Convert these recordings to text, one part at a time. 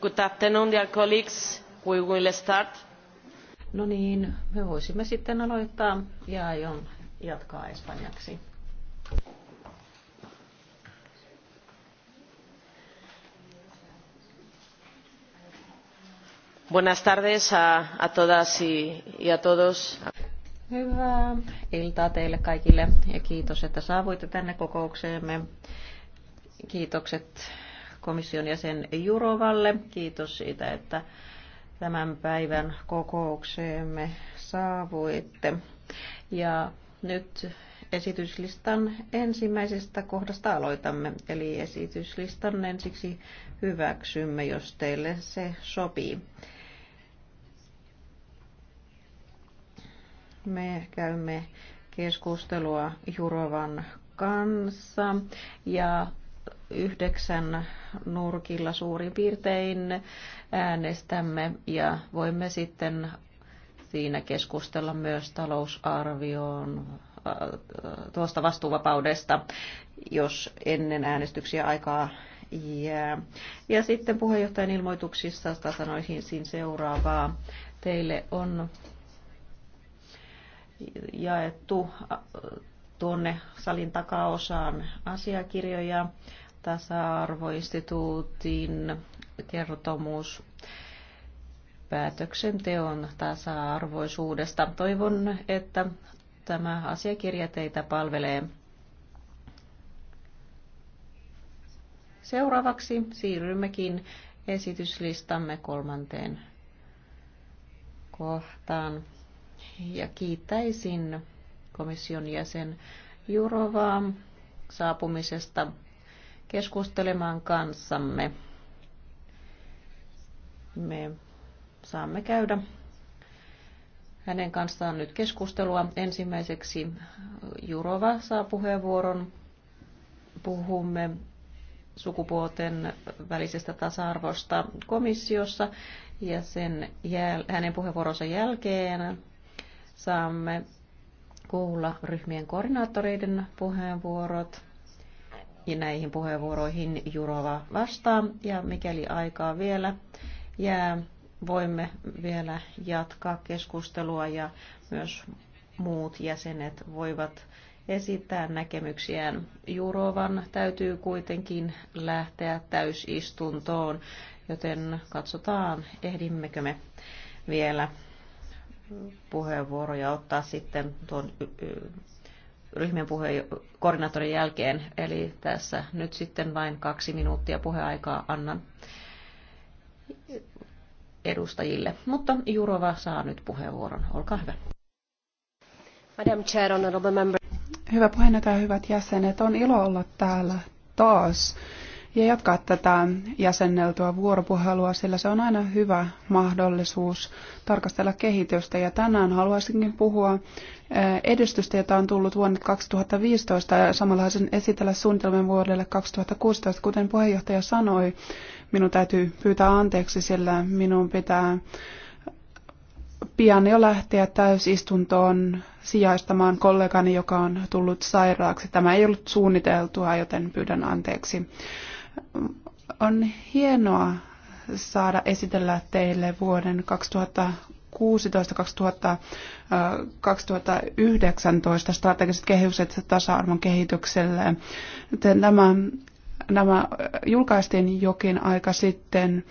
Good afternoon, dear colleagues. We start. No niin, me voisimme sitten aloittaa ja aion jatkaa espanjaksi. Buenas tardes a, a todas y, y a todos. Hyvää iltaa teille kaikille ja kiitos, että saavuitte tänne kokoukseemme. Kiitokset komission jäsen Jurovalle. Kiitos siitä, että tämän päivän kokoukseemme saavuitte. Ja nyt esityslistan ensimmäisestä kohdasta aloitamme, eli esityslistan ensiksi hyväksymme, jos teille se sopii. Me käymme keskustelua Jurovan kanssa ja yhdeksän nurkilla suurin piirtein äänestämme ja voimme sitten siinä keskustella myös talousarvioon äh, tuosta vastuuvapaudesta, jos ennen äänestyksiä aikaa jää. Ja sitten puheenjohtajan ilmoituksissa sanoisin seuraavaa. Teille on jaettu äh, tuonne salin takaosaan asiakirjoja tasa-arvoinstituutin kertomus päätöksenteon tasa-arvoisuudesta. Toivon, että tämä asiakirja teitä palvelee. Seuraavaksi siirrymmekin esityslistamme kolmanteen kohtaan. Ja kiittäisin komission jäsen Jurovaa saapumisesta keskustelemaan kanssamme. Me saamme käydä hänen kanssaan nyt keskustelua. Ensimmäiseksi Jurova saa puheenvuoron. Puhumme sukupuolten välisestä tasa-arvosta komissiossa ja sen jäl- hänen puheenvuoronsa jälkeen saamme kuulla ryhmien koordinaattoreiden puheenvuorot näihin puheenvuoroihin Jurova vastaa. Ja mikäli aikaa vielä jää, voimme vielä jatkaa keskustelua ja myös muut jäsenet voivat esittää näkemyksiään. Jurovan täytyy kuitenkin lähteä täysistuntoon, joten katsotaan, ehdimmekö me vielä puheenvuoroja ottaa sitten tuon ryhmien puheenjohtajan koordinaattorin jälkeen. Eli tässä nyt sitten vain kaksi minuuttia puheaikaa annan edustajille. Mutta Jurova saa nyt puheenvuoron. Olkaa hyvä. Madam Chair, Honorable Member. Hyvä puheenjohtaja, hyvät jäsenet. On ilo olla täällä taas ja jatkaa tätä jäsenneltyä vuoropuhelua, sillä se on aina hyvä mahdollisuus tarkastella kehitystä. Ja tänään haluaisinkin puhua eh, edistystä, jota on tullut vuonna 2015 ja samalla haluaisin esitellä suunnitelman vuodelle 2016. Kuten puheenjohtaja sanoi, minun täytyy pyytää anteeksi, sillä minun pitää pian jo lähteä täysistuntoon sijaistamaan kollegani, joka on tullut sairaaksi. Tämä ei ollut suunniteltua, joten pyydän anteeksi. On hienoa saada esitellä teille vuoden 2016 2019 strategiset kehykset tasa-arvon kehitykselle. Tämä nämä julkaistiin jokin aika sitten,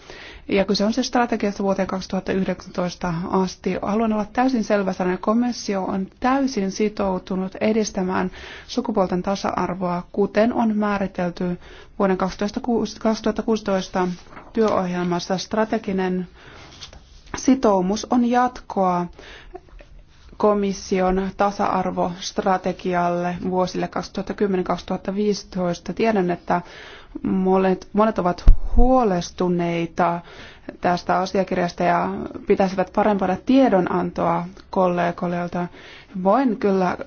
ja kyse on siis strategiasta vuoteen 2019 asti. Haluan olla täysin selvä sana, että komissio on täysin sitoutunut edistämään sukupuolten tasa-arvoa, kuten on määritelty vuoden 2016 työohjelmassa strateginen sitoumus on jatkoa komission tasa-arvostrategialle vuosille 2010-2015. Tiedän, että monet, monet ovat huolestuneita tästä asiakirjasta ja pitäisivät parempana tiedonantoa kollegoilta. Voin kyllä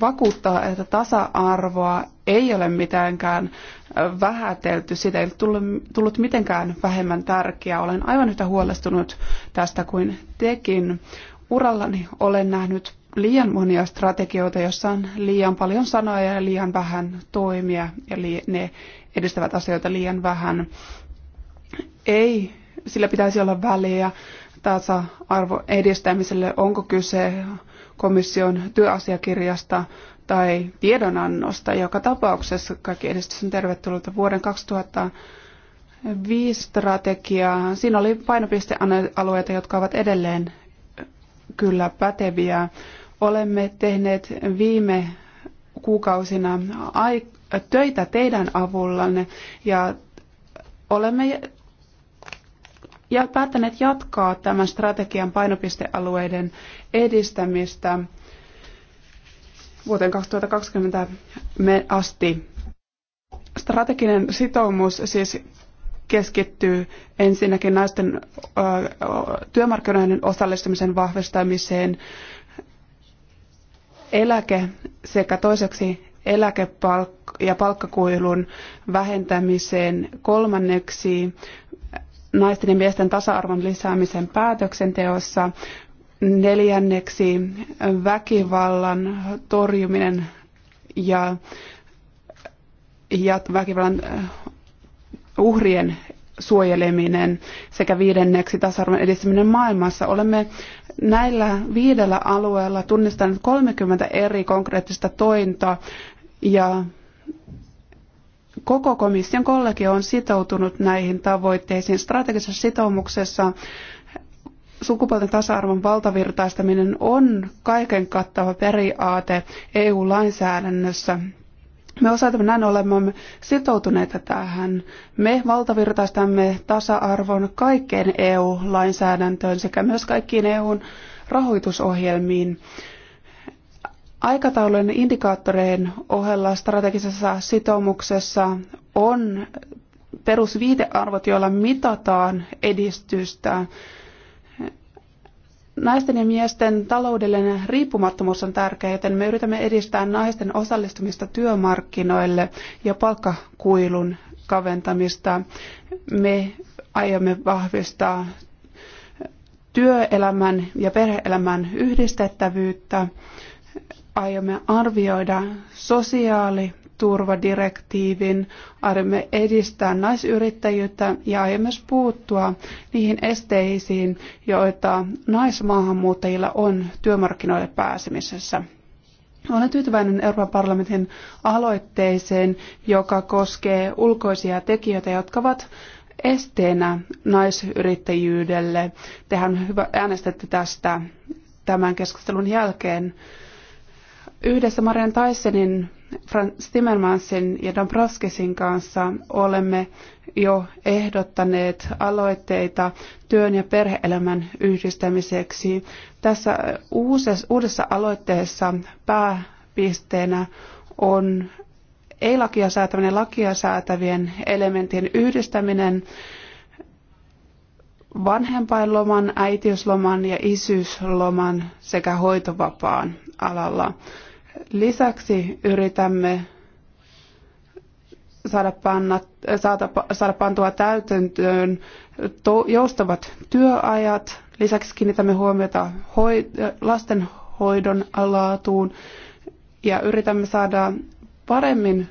vakuuttaa, että tasa-arvoa ei ole mitenkään vähätelty, siitä ei ole tullut, tullut mitenkään vähemmän tärkeää. Olen aivan yhtä huolestunut tästä kuin tekin urallani olen nähnyt liian monia strategioita, joissa on liian paljon sanoja ja liian vähän toimia, ja ne edistävät asioita liian vähän. Ei, sillä pitäisi olla väliä tasa-arvo edistämiselle, onko kyse komission työasiakirjasta tai tiedonannosta. Joka tapauksessa kaikki edistys on tervetullut vuoden 2000 viisi strategiaa. Siinä oli painopistealueita, jotka ovat edelleen kyllä päteviä. Olemme tehneet viime kuukausina töitä teidän avullanne ja olemme ja päättäneet jatkaa tämän strategian painopistealueiden edistämistä vuoteen 2020 asti. Strateginen sitoumus siis keskittyy ensinnäkin naisten työmarkkinoiden osallistumisen vahvistamiseen, eläke sekä toiseksi eläke- ja palkkakuilun vähentämiseen, kolmanneksi naisten ja miesten tasa-arvon lisäämisen päätöksenteossa, neljänneksi väkivallan torjuminen ja, ja väkivallan uhrien suojeleminen sekä viidenneksi tasa-arvon edistäminen maailmassa. Olemme näillä viidellä alueella tunnistaneet 30 eri konkreettista tointa ja koko komission kollegio on sitoutunut näihin tavoitteisiin strategisessa sitoumuksessa sukupuolten tasa-arvon valtavirtaistaminen on kaiken kattava periaate EU-lainsäädännössä. Me osoitamme näin olemme sitoutuneita tähän. Me valtavirtaistamme tasa-arvon kaikkeen EU-lainsäädäntöön sekä myös kaikkiin EUn rahoitusohjelmiin. Aikataulujen indikaattoreiden ohella strategisessa sitoumuksessa on perusviitearvot, joilla mitataan edistystä Naisten ja miesten taloudellinen riippumattomuus on tärkeää, joten me yritämme edistää naisten osallistumista työmarkkinoille ja palkkakuilun kaventamista. Me aiomme vahvistaa työelämän ja perheelämän yhdistettävyyttä. Aiomme arvioida sosiaali- turvadirektiivin. Aiomme edistää naisyrittäjyyttä ja aiomme puuttua niihin esteisiin, joita naismaahanmuuttajilla on työmarkkinoille pääsemisessä. Olen tyytyväinen Euroopan parlamentin aloitteeseen, joka koskee ulkoisia tekijöitä, jotka ovat esteenä naisyrittäjyydelle. Tehän hyvä, äänestette tästä tämän keskustelun jälkeen. Yhdessä Marian Taisenin Frans Timmermansin ja Dombrovskisin kanssa olemme jo ehdottaneet aloitteita työn ja perheelämän yhdistämiseksi. Tässä uudessa aloitteessa pääpisteenä on ei-lakia säätäminen lakia säätävien elementtien yhdistäminen vanhempainloman, äitiysloman ja isyysloman sekä hoitovapaan alalla. Lisäksi yritämme saada, panna, saada, saada pantua täytäntöön to, joustavat työajat. Lisäksi kiinnitämme huomiota hoi, lastenhoidon laatuun ja yritämme saada paremmin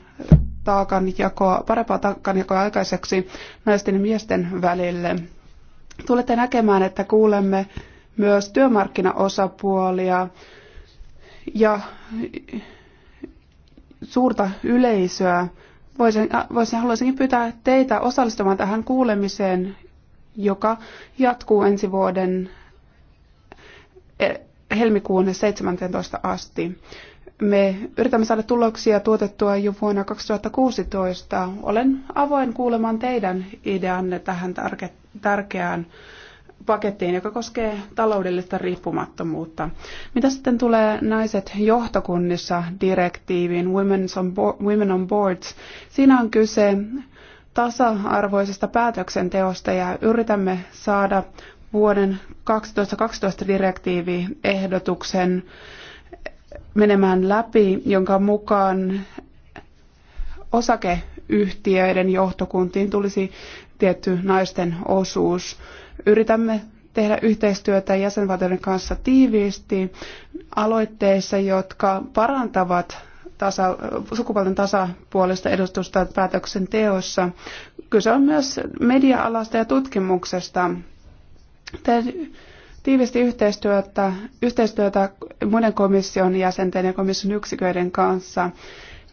taakanjakoa, parempaa taakanjakoa aikaiseksi naisten ja miesten välille. Tulette näkemään, että kuulemme myös työmarkkinaosapuolia, ja suurta yleisöä. Voisin, äh, voisin, haluaisinkin pyytää teitä osallistumaan tähän kuulemiseen, joka jatkuu ensi vuoden eh, helmikuun 17 asti. Me yritämme saada tuloksia tuotettua jo vuonna 2016. Olen avoin kuulemaan teidän ideanne tähän tärkeään pakettiin, joka koskee taloudellista riippumattomuutta. Mitä sitten tulee naiset johtokunnissa direktiiviin Women's on Bo- Women on Boards? Siinä on kyse tasa-arvoisesta päätöksenteosta ja yritämme saada vuoden 2012 direktiiviehdotuksen menemään läpi, jonka mukaan osakeyhtiöiden johtokuntiin tulisi tietty naisten osuus. Yritämme tehdä yhteistyötä jäsenvaltioiden kanssa tiiviisti aloitteissa, jotka parantavat tasa, sukupuolten tasapuolista edustusta päätöksenteossa. Kyse on myös media-alasta ja tutkimuksesta. Teen tiivisti yhteistyötä, yhteistyötä muiden komission jäsenten ja komission yksiköiden kanssa.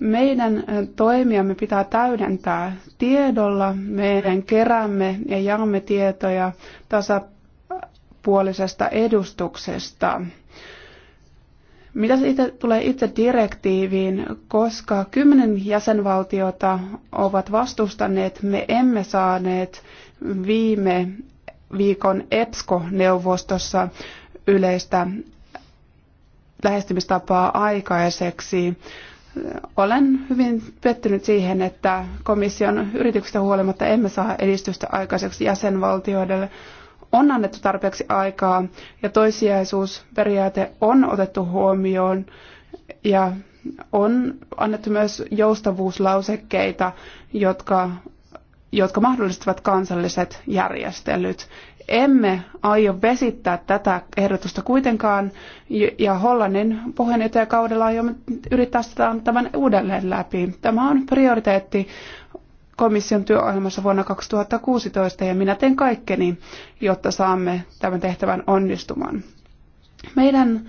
Meidän toimiamme pitää täydentää tiedolla. Meidän keräämme ja jaamme tietoja tasapuolisesta edustuksesta. Mitä siitä tulee itse direktiiviin, koska kymmenen jäsenvaltiota ovat vastustaneet, me emme saaneet viime viikon EPSCO-neuvostossa yleistä lähestymistapaa aikaiseksi olen hyvin pettynyt siihen, että komission yrityksistä huolimatta emme saa edistystä aikaiseksi jäsenvaltioille. On annettu tarpeeksi aikaa ja toissijaisuusperiaate on otettu huomioon ja on annettu myös joustavuuslausekkeita, jotka, jotka mahdollistavat kansalliset järjestelyt emme aio vesittää tätä ehdotusta kuitenkaan, ja Hollannin puheenjohtajakaudella aiomme yrittää sitä tämän uudelleen läpi. Tämä on prioriteetti komission työohjelmassa vuonna 2016, ja minä teen kaikkeni, jotta saamme tämän tehtävän onnistumaan. Meidän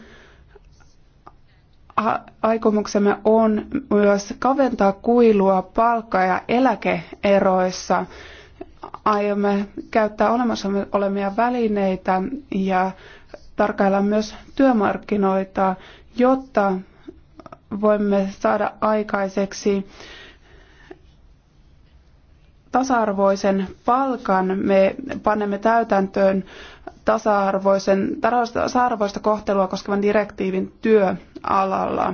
aikomuksemme on myös kaventaa kuilua palkka- ja eläkeeroissa aiomme käyttää olemassa olemia välineitä ja tarkailla myös työmarkkinoita, jotta voimme saada aikaiseksi tasa-arvoisen palkan. Me panemme täytäntöön tasa-arvoisen, tasa-arvoista kohtelua koskevan direktiivin työalalla.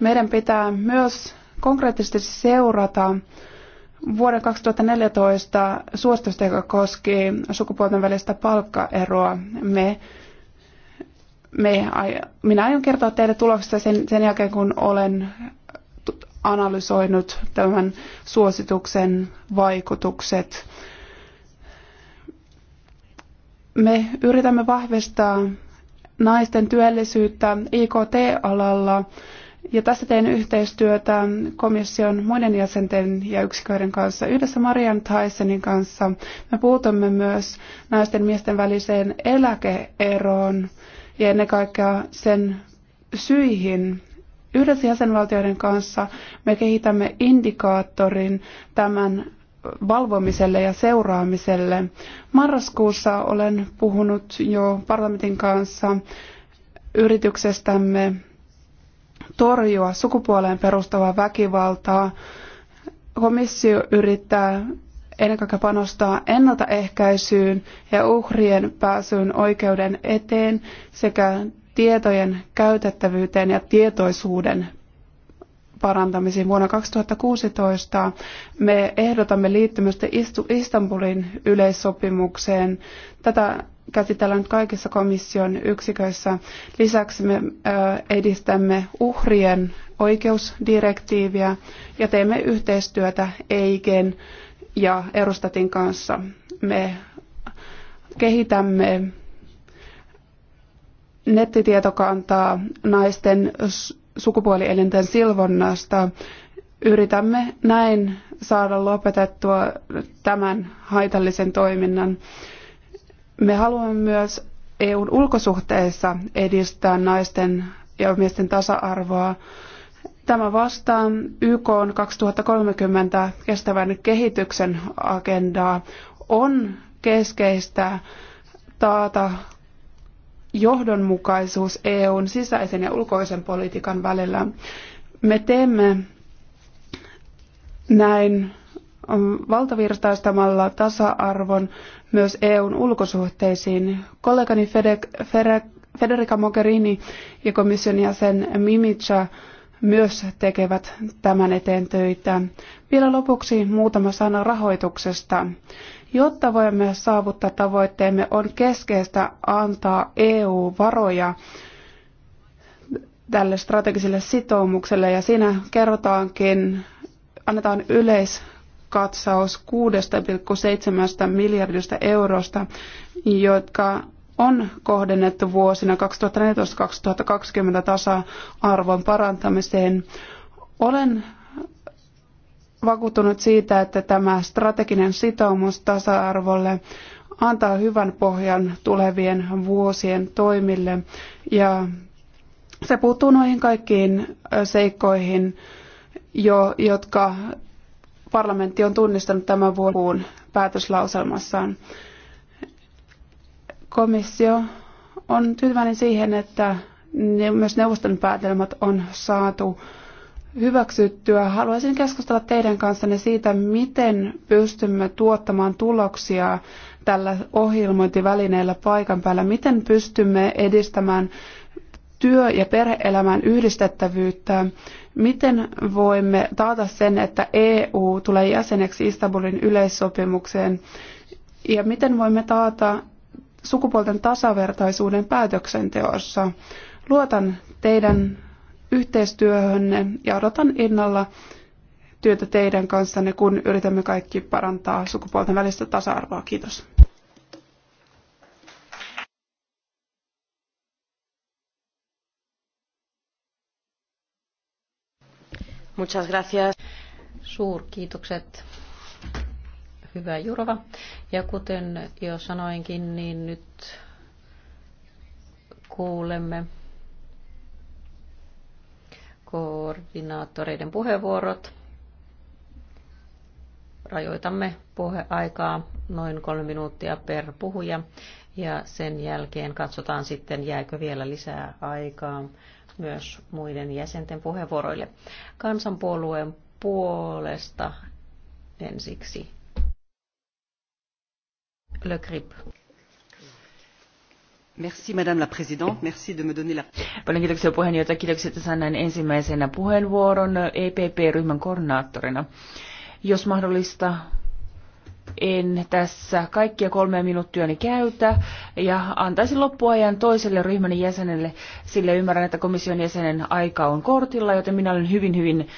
Meidän pitää myös konkreettisesti seurata vuoden 2014 suositusta, joka koski sukupuolten välistä palkkaeroa. Me, me, minä aion kertoa teille tuloksista sen, sen jälkeen, kun olen analysoinut tämän suosituksen vaikutukset. Me yritämme vahvistaa naisten työllisyyttä IKT-alalla ja tässä teen yhteistyötä komission muiden jäsenten ja yksiköiden kanssa yhdessä Marian Tysonin kanssa. Me puutumme myös naisten ja miesten väliseen eläkeeroon ja ennen kaikkea sen syihin. Yhdessä jäsenvaltioiden kanssa me kehitämme indikaattorin tämän valvomiselle ja seuraamiselle. Marraskuussa olen puhunut jo parlamentin kanssa yrityksestämme torjua sukupuoleen perustavaa väkivaltaa. Komissio yrittää ennen kaikkea panostaa ennaltaehkäisyyn ja uhrien pääsyyn oikeuden eteen sekä tietojen käytettävyyteen ja tietoisuuden parantamisiin. Vuonna 2016 me ehdotamme liittymistä Istanbulin yleissopimukseen. Tätä käsitellään nyt kaikissa komission yksiköissä. Lisäksi me edistämme uhrien oikeusdirektiiviä ja teemme yhteistyötä EIGen ja Eurostatin kanssa. Me kehitämme nettitietokantaa naisten sukupuolielinten silvonnasta. Yritämme näin saada lopetettua tämän haitallisen toiminnan. Me haluamme myös EUn ulkosuhteissa edistää naisten ja miesten tasa-arvoa. Tämä vastaa YK 2030 kestävän kehityksen agendaa. On keskeistä taata johdonmukaisuus EUn sisäisen ja ulkoisen politiikan välillä. Me teemme näin valtavirtaistamalla tasa-arvon myös EUn ulkosuhteisiin. Kollegani Fede, Fede, Federica Mogherini ja komission jäsen Mimica myös tekevät tämän eteen töitä. Vielä lopuksi muutama sana rahoituksesta. Jotta voimme saavuttaa tavoitteemme, on keskeistä antaa EU-varoja tälle strategiselle sitoumukselle ja siinä kerrotaankin, annetaan yleis katsaus 6,7 miljardista eurosta, jotka on kohdennettu vuosina 2014-2020 tasa-arvon parantamiseen. Olen vakuuttunut siitä, että tämä strateginen sitoumus tasa-arvolle antaa hyvän pohjan tulevien vuosien toimille ja se puuttuu noihin kaikkiin seikkoihin, jo, jotka parlamentti on tunnistanut tämän vuoden päätöslauselmassaan. Komissio on tyytyväinen siihen, että myös neuvoston päätelmät on saatu hyväksyttyä. Haluaisin keskustella teidän kanssanne siitä, miten pystymme tuottamaan tuloksia tällä ohjelmointivälineellä paikan päällä, miten pystymme edistämään työ- ja perheelämän yhdistettävyyttä. Miten voimme taata sen, että EU tulee jäseneksi Istanbulin yleissopimukseen? Ja miten voimme taata sukupuolten tasavertaisuuden päätöksenteossa? Luotan teidän yhteistyöhönne ja odotan innolla työtä teidän kanssanne, kun yritämme kaikki parantaa sukupuolten välistä tasa-arvoa. Kiitos. Muchas gracias. Suurkiitokset. Hyvä Jurova. Ja kuten jo sanoinkin, niin nyt kuulemme koordinaattoreiden puheenvuorot. Rajoitamme puheaikaa noin kolme minuuttia per puhuja ja sen jälkeen katsotaan sitten, jääkö vielä lisää aikaa myös muiden jäsenten puheenvuoroille. Kansanpuolueen puolesta ensiksi Le Grip. Merci Madame la Présidente, merci de me donner la... Paljon kiitoksia puheenjohtaja, kiitoksia, että saan näin ensimmäisenä puheenvuoron EPP-ryhmän koordinaattorina. Jos mahdollista, en tässä kaikkia kolmea minuuttiani käytä ja antaisin loppuajan toiselle ryhmän jäsenelle, sillä ymmärrän, että komission jäsenen aika on kortilla, joten minä olen hyvin, hyvin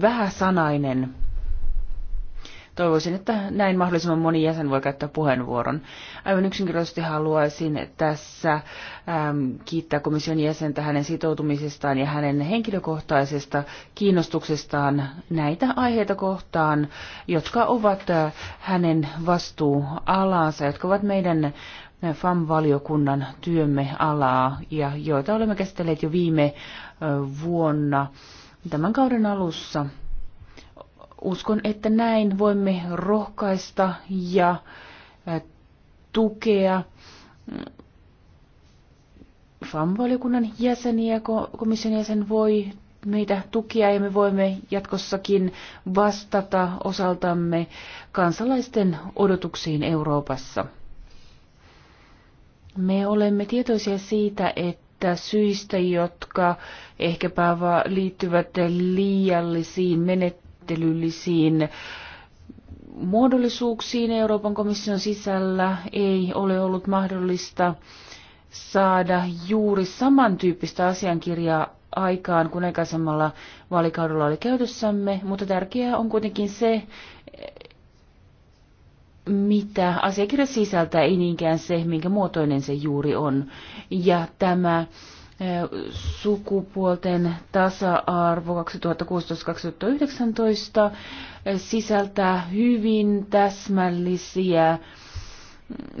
vähäsanainen. Toivoisin, että näin mahdollisimman moni jäsen voi käyttää puheenvuoron. Aivan yksinkertaisesti haluaisin tässä äm, kiittää komission jäsentä hänen sitoutumisestaan ja hänen henkilökohtaisesta kiinnostuksestaan näitä aiheita kohtaan, jotka ovat äh, hänen vastuualansa, jotka ovat meidän äh, FAM-valiokunnan työmme alaa ja joita olemme käsitelleet jo viime äh, vuonna tämän kauden alussa Uskon, että näin voimme rohkaista ja tukea mm, FAM-valiokunnan jäseniä, komission jäsen voi meitä tukia ja me voimme jatkossakin vastata osaltamme kansalaisten odotuksiin Euroopassa. Me olemme tietoisia siitä, että syistä, jotka ehkäpä liittyvät liiallisiin menettelyihin, menettelyllisiin muodollisuuksiin Euroopan komission sisällä ei ole ollut mahdollista saada juuri samantyyppistä asiankirjaa aikaan kuin aikaisemmalla vaalikaudella oli käytössämme, mutta tärkeää on kuitenkin se, mitä asiakirja sisältää, ei niinkään se, minkä muotoinen se juuri on. Ja tämä sukupuolten tasa-arvo 2016-2019 sisältää hyvin täsmällisiä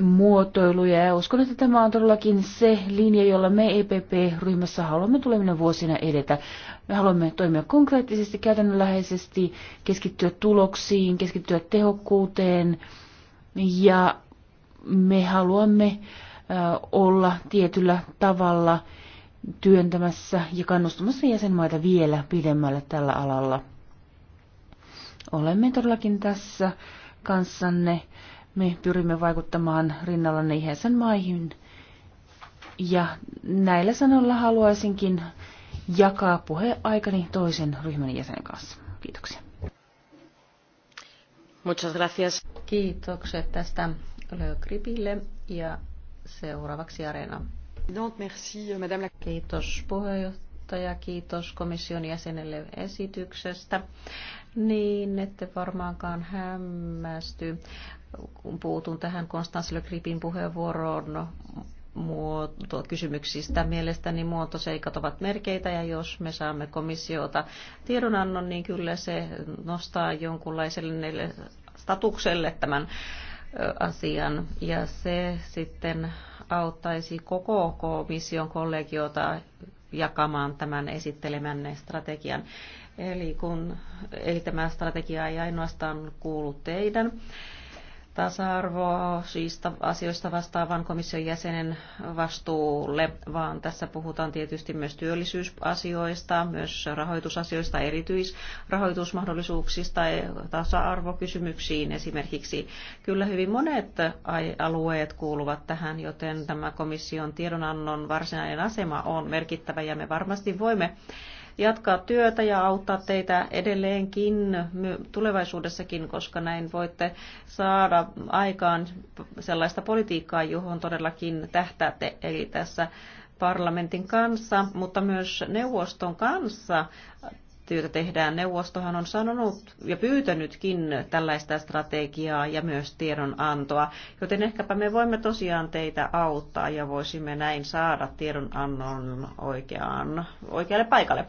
muotoiluja ja uskon, että tämä on todellakin se linja, jolla me EPP-ryhmässä haluamme tulevina vuosina edetä. Me haluamme toimia konkreettisesti, käytännönläheisesti, keskittyä tuloksiin, keskittyä tehokkuuteen ja me haluamme olla tietyllä tavalla – työntämässä ja kannustamassa jäsenmaita vielä pidemmälle tällä alalla. Olemme todellakin tässä kanssanne. Me pyrimme vaikuttamaan rinnallanne jäsenmaihin. Ja näillä sanoilla haluaisinkin jakaa puheaikani toisen ryhmän jäsenen kanssa. Kiitoksia. Muchas gracias. Kiitokset tästä Leo Kripille ja seuraavaksi Areena Kiitos puheenjohtaja, kiitos komission jäsenelle esityksestä. Niin, ette varmaankaan hämmästy, kun puutun tähän Konstans Le Gripin puheenvuoroon muoto, kysymyksistä. Mielestäni muotoseikat ovat merkeitä ja jos me saamme komissiota tiedonannon, niin kyllä se nostaa jonkunlaiselle statukselle tämän asian ja se sitten auttaisi koko komission kollegiota jakamaan tämän esittelemänne strategian. Eli, kun, eli tämä strategia ei ainoastaan kuulu teidän tasa-arvoa siis asioista vastaavan komission jäsenen vastuulle, vaan tässä puhutaan tietysti myös työllisyysasioista, myös rahoitusasioista, erityisrahoitusmahdollisuuksista, eh, tasa-arvokysymyksiin esimerkiksi. Kyllä hyvin monet alueet kuuluvat tähän, joten tämä komission tiedonannon varsinainen asema on merkittävä ja me varmasti voimme jatkaa työtä ja auttaa teitä edelleenkin tulevaisuudessakin, koska näin voitte saada aikaan sellaista politiikkaa, johon todellakin tähtäätte. Eli tässä parlamentin kanssa, mutta myös neuvoston kanssa yhteistyötä tehdään. Neuvostohan on sanonut ja pyytänytkin tällaista strategiaa ja myös tiedonantoa, joten ehkäpä me voimme tosiaan teitä auttaa ja voisimme näin saada tiedonannon oikeaan, oikealle paikalle.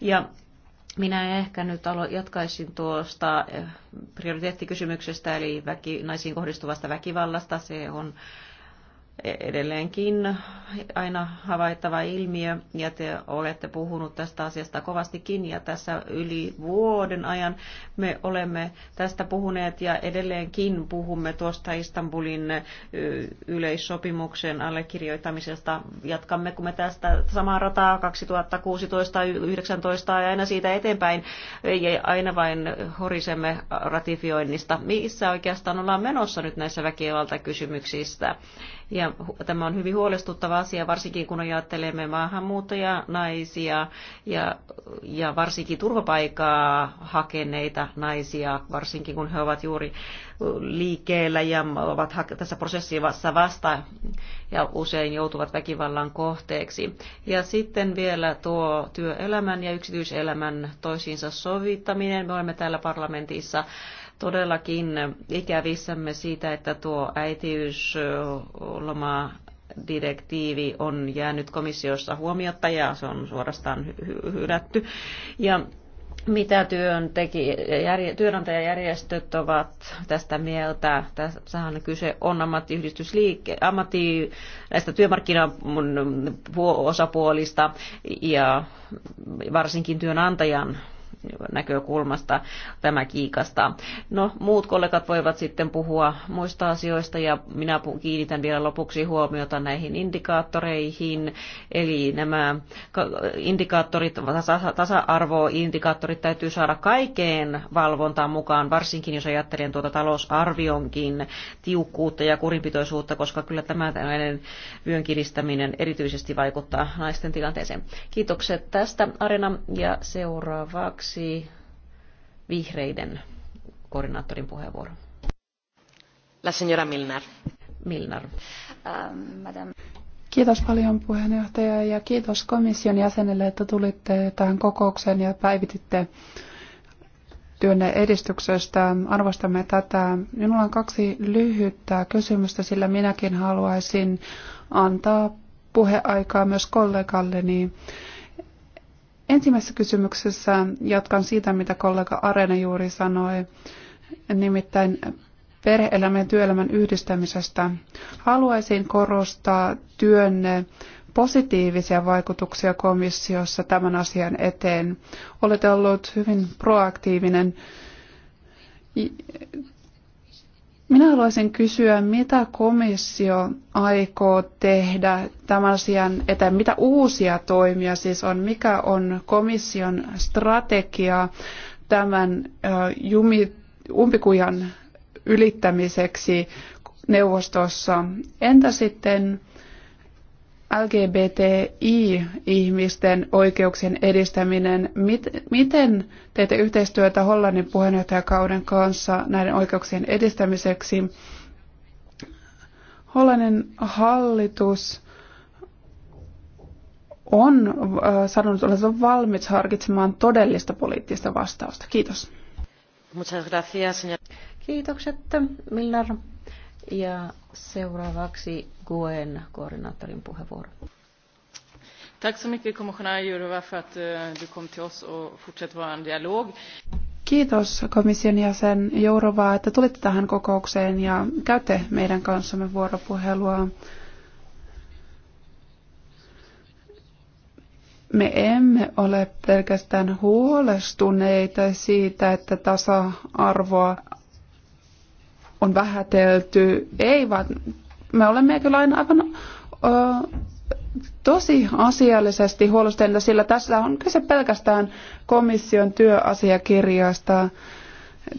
Ja minä ehkä nyt alo- jatkaisin tuosta eh, prioriteettikysymyksestä, eli väki, naisiin kohdistuvasta väkivallasta. Se on edelleenkin aina havaittava ilmiö, ja te olette puhunut tästä asiasta kovastikin, ja tässä yli vuoden ajan me olemme tästä puhuneet, ja edelleenkin puhumme tuosta Istanbulin yleissopimuksen allekirjoittamisesta. kun me tästä samaa rataa 2016, 2019 ja aina siitä eteenpäin, ja aina vain horisemme ratifioinnista. Missä oikeastaan ollaan menossa nyt näissä väkivaltakysymyksissä? Ja tämä on hyvin huolestuttava asia, varsinkin kun ajattelemme maahanmuuttajia, naisia ja, ja varsinkin turvapaikkaa hakeneita naisia, varsinkin kun he ovat juuri liikkeellä ja ovat tässä prosessissa vasta ja usein joutuvat väkivallan kohteeksi. Ja sitten vielä tuo työelämän ja yksityiselämän toisiinsa sovittaminen. Me olemme täällä parlamentissa todellakin ikävissämme siitä, että tuo äitiysloma direktiivi on jäänyt komissiossa huomiotta ja se on suorastaan hylätty. Ja mitä työntekijä, työnantajajärjestöt ovat tästä mieltä. Tässähän kyse on ammattiyhdistysliike, ammatti näistä työmarkkinaosapuolista ja varsinkin työnantajan näkökulmasta tämä kiikastaa. No, muut kollegat voivat sitten puhua muista asioista ja minä kiinnitän vielä lopuksi huomiota näihin indikaattoreihin. Eli nämä indikaattorit, tasa-arvoindikaattorit täytyy saada kaikkeen valvontaan mukaan, varsinkin jos ajattelen tuota talousarvionkin tiukkuutta ja kurinpitoisuutta, koska kyllä tämä tämmöinen vyön kiristäminen erityisesti vaikuttaa naisten tilanteeseen. Kiitokset tästä Arena ja seuraavaksi Seuraavaksi vihreiden koordinaattorin puheenvuoro. La signora Milner. Milner. Ähm, madame. Kiitos paljon puheenjohtaja ja kiitos komission jäsenille, että tulitte tähän kokoukseen ja päivititte työnne edistyksestä. Arvostamme tätä. Minulla on kaksi lyhyttä kysymystä, sillä minäkin haluaisin antaa puheaikaa myös kollegalleni. Ensimmäisessä kysymyksessä jatkan siitä, mitä kollega Arena juuri sanoi, nimittäin perhe-elämän ja työelämän yhdistämisestä. Haluaisin korostaa työnne positiivisia vaikutuksia komissiossa tämän asian eteen. Olet ollut hyvin proaktiivinen minä haluaisin kysyä, mitä komissio aikoo tehdä tämän asian että mitä uusia toimia siis on, mikä on komission strategia tämän jumi, umpikujan ylittämiseksi neuvostossa. Entä sitten LGBTI-ihmisten oikeuksien edistäminen. miten teette yhteistyötä Hollannin puheenjohtajakauden kanssa näiden oikeuksien edistämiseksi? Hollannin hallitus on äh, sanonut olevansa valmis harkitsemaan todellista poliittista vastausta. Kiitos. Kiitokset, Millar. Ja seuraavaksi Guen koordinaattorin puheenvuoro. Tack så mycket kommissionär Jurova för att eh, du kom till oss och fortsätter vara en dialog. Kiitos komission jäsen Jourova, että tulitte tähän kokoukseen ja käytte meidän kanssamme vuoropuhelua. Me emme ole pelkästään huolestuneita siitä, että tasa-arvoa on vähätelty. Ei, vaan me olemme kyllä aina aivan ö, tosi asiallisesti huolestuneita, sillä tässä on kyse pelkästään komission työasiakirjasta.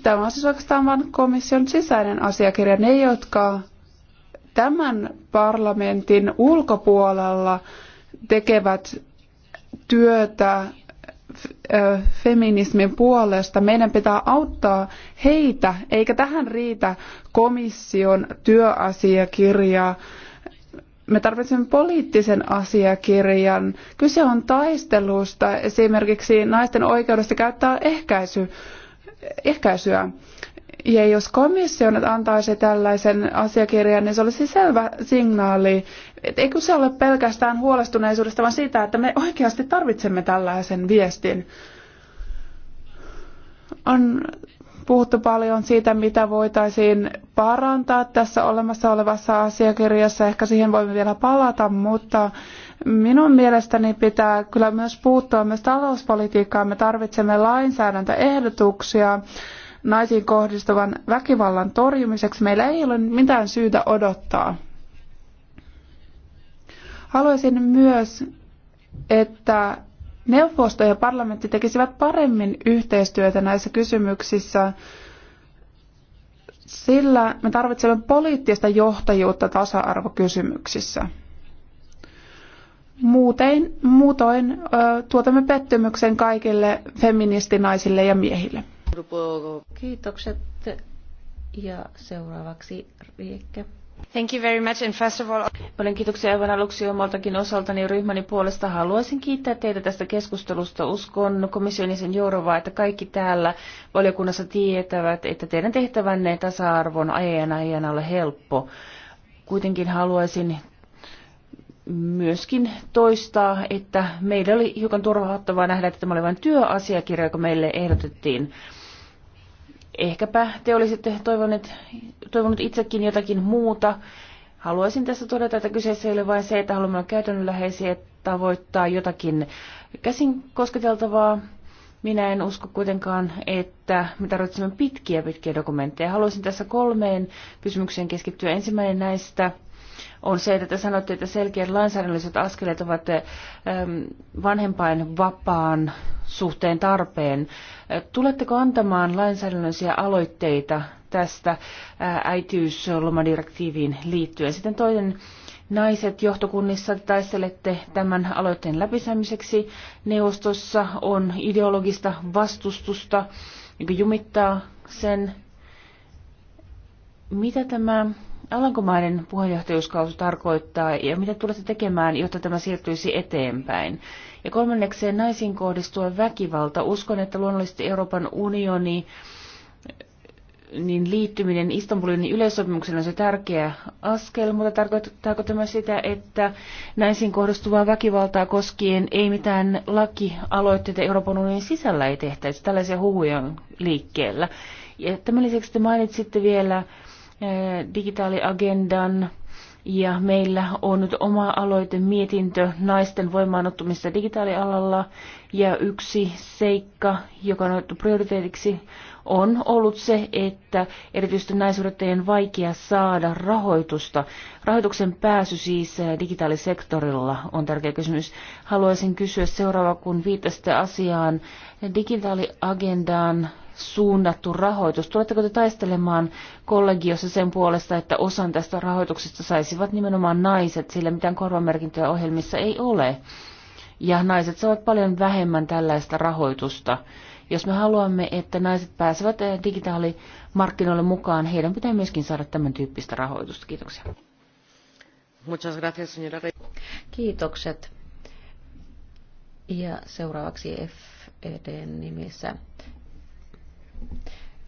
Tämä on siis oikeastaan vain komission sisäinen asiakirja. Ne, jotka tämän parlamentin ulkopuolella tekevät työtä feminismin puolesta. Meidän pitää auttaa heitä, eikä tähän riitä komission työasiakirjaa. Me tarvitsemme poliittisen asiakirjan. Kyse on taistelusta, esimerkiksi naisten oikeudesta käyttää ehkäisy, ehkäisyä. Ja jos komissio antaisi tällaisen asiakirjan, niin se olisi selvä signaali Eikö kyse ole pelkästään huolestuneisuudesta, vaan siitä, että me oikeasti tarvitsemme tällaisen viestin. On puhuttu paljon siitä, mitä voitaisiin parantaa tässä olemassa olevassa asiakirjassa. Ehkä siihen voimme vielä palata, mutta minun mielestäni pitää kyllä myös puuttua myös talouspolitiikkaan. Me tarvitsemme lainsäädäntöehdotuksia naisiin kohdistuvan väkivallan torjumiseksi. Meillä ei ole mitään syytä odottaa. Haluaisin myös, että neuvosto ja parlamentti tekisivät paremmin yhteistyötä näissä kysymyksissä, sillä me tarvitsemme poliittista johtajuutta tasa-arvokysymyksissä. Muuten, muutoin ö, tuotamme pettymyksen kaikille feministinaisille ja miehille. Kiitokset. Ja seuraavaksi Riekke. Paljon kiitoksia aivan aluksi omaltakin osaltani ryhmäni puolesta. Haluaisin kiittää teitä tästä keskustelusta. Uskon komission jäsen Jourovaa, että kaikki täällä valiokunnassa tietävät, että teidän tehtävänne tasa-arvon ajana ajana ole helppo. Kuitenkin haluaisin myöskin toistaa, että meillä oli hiukan turhauttavaa nähdä, että tämä oli vain työasiakirja, joka meille ehdotettiin. Ehkäpä te olisitte toivoneet, toivonut itsekin jotakin muuta. Haluaisin tässä todeta, että kyseessä ei ole vain se, että haluamme olla käytännönläheisiä tavoittaa jotakin käsin kosketeltavaa. Minä en usko kuitenkaan, että me tarvitsemme pitkiä pitkiä dokumentteja. Haluaisin tässä kolmeen kysymykseen keskittyä. Ensimmäinen näistä – on se, että te sanotte, että selkeät lainsäädännölliset askeleet ovat eh, ehm, vanhempain vapaan suhteen tarpeen. Eh, tuletteko antamaan lainsäädännöllisiä aloitteita tästä eh, äitiyslomadirektiiviin liittyen? Sitten toinen Naiset johtokunnissa taistelette tämän aloitteen läpisämiseksi. Neuvostossa on ideologista vastustusta, joka jumittaa sen. Mitä tämä Alankomaiden puheenjohtajuuskausi tarkoittaa ja mitä tulette tekemään, jotta tämä siirtyisi eteenpäin? Ja kolmannekseen naisiin kohdistuva väkivalta. Uskon, että luonnollisesti Euroopan unioni niin liittyminen Istanbulin yleissopimuksen on se tärkeä askel, mutta tarkoittaako tämä sitä, että naisiin kohdistuvaa väkivaltaa koskien ei mitään lakialoitteita Euroopan unionin sisällä ei tehtäisi? Tällaisia huhuja liikkeellä. Ja tämän lisäksi te mainitsitte vielä äh, Eh, digitaaliagendan ja meillä on nyt oma aloite mietintö naisten voimaanottumista digitaalialalla ja yksi seikka, joka on otettu prioriteetiksi, on ollut se, että erityisesti naisyrittäjien on vaikea saada rahoitusta. Rahoituksen pääsy siis eh, digitaalisektorilla on tärkeä kysymys. Haluaisin kysyä seuraava, kun viittasitte asiaan digitaaliagendaan suunnattu rahoitus. Tuletteko te taistelemaan kollegiossa sen puolesta, että osan tästä rahoituksesta saisivat nimenomaan naiset, sillä mitään korvamerkintöjä ohjelmissa ei ole. Ja naiset saavat paljon vähemmän tällaista rahoitusta. Jos me haluamme, että naiset pääsevät eh, digitaalimarkkinoille mukaan, heidän pitää myöskin saada tämän tyyppistä rahoitusta. Kiitoksia. Kiitokset. Ja seuraavaksi FEDn nimissä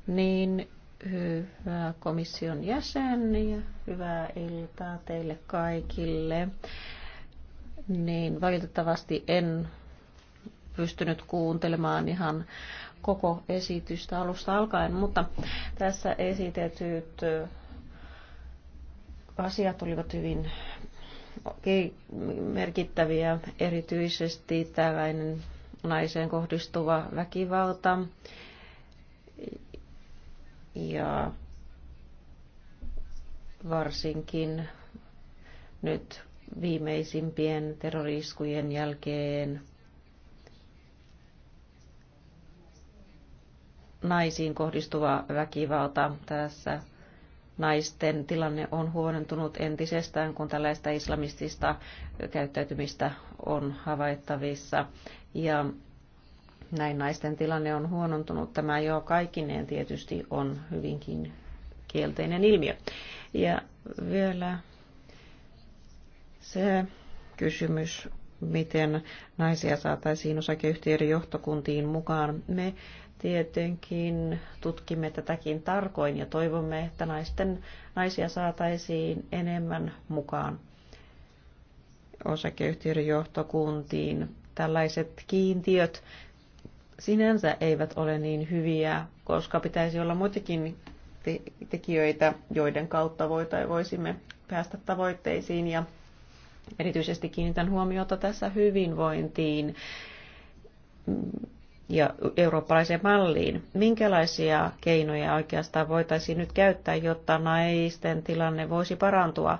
niin hyvä komission jäsen ja hyvää iltaa teille kaikille. Niin valitettavasti en pystynyt kuuntelemaan ihan koko esitystä alusta alkaen, mutta tässä esitetyt asiat olivat hyvin merkittäviä, erityisesti tällainen naiseen kohdistuva väkivalta, ja varsinkin nyt viimeisimpien terroriskujen jälkeen naisiin kohdistuva väkivalta tässä naisten tilanne on huonontunut entisestään, kun tällaista islamistista käyttäytymistä on havaittavissa. Ja näin naisten tilanne on huonontunut. Tämä jo kaikineen tietysti on hyvinkin kielteinen ilmiö. Ja vielä se kysymys, miten naisia saataisiin osakeyhtiöiden johtokuntiin mukaan. Me tietenkin tutkimme tätäkin tarkoin ja toivomme, että naisten, naisia saataisiin enemmän mukaan osakeyhtiöiden johtokuntiin. Tällaiset kiintiöt sinänsä eivät ole niin hyviä, koska pitäisi olla muitakin tekijöitä, joiden kautta voisimme päästä tavoitteisiin ja erityisesti kiinnitän huomiota tässä hyvinvointiin ja eurooppalaiseen malliin. Minkälaisia keinoja oikeastaan voitaisiin nyt käyttää, jotta naisten tilanne voisi parantua?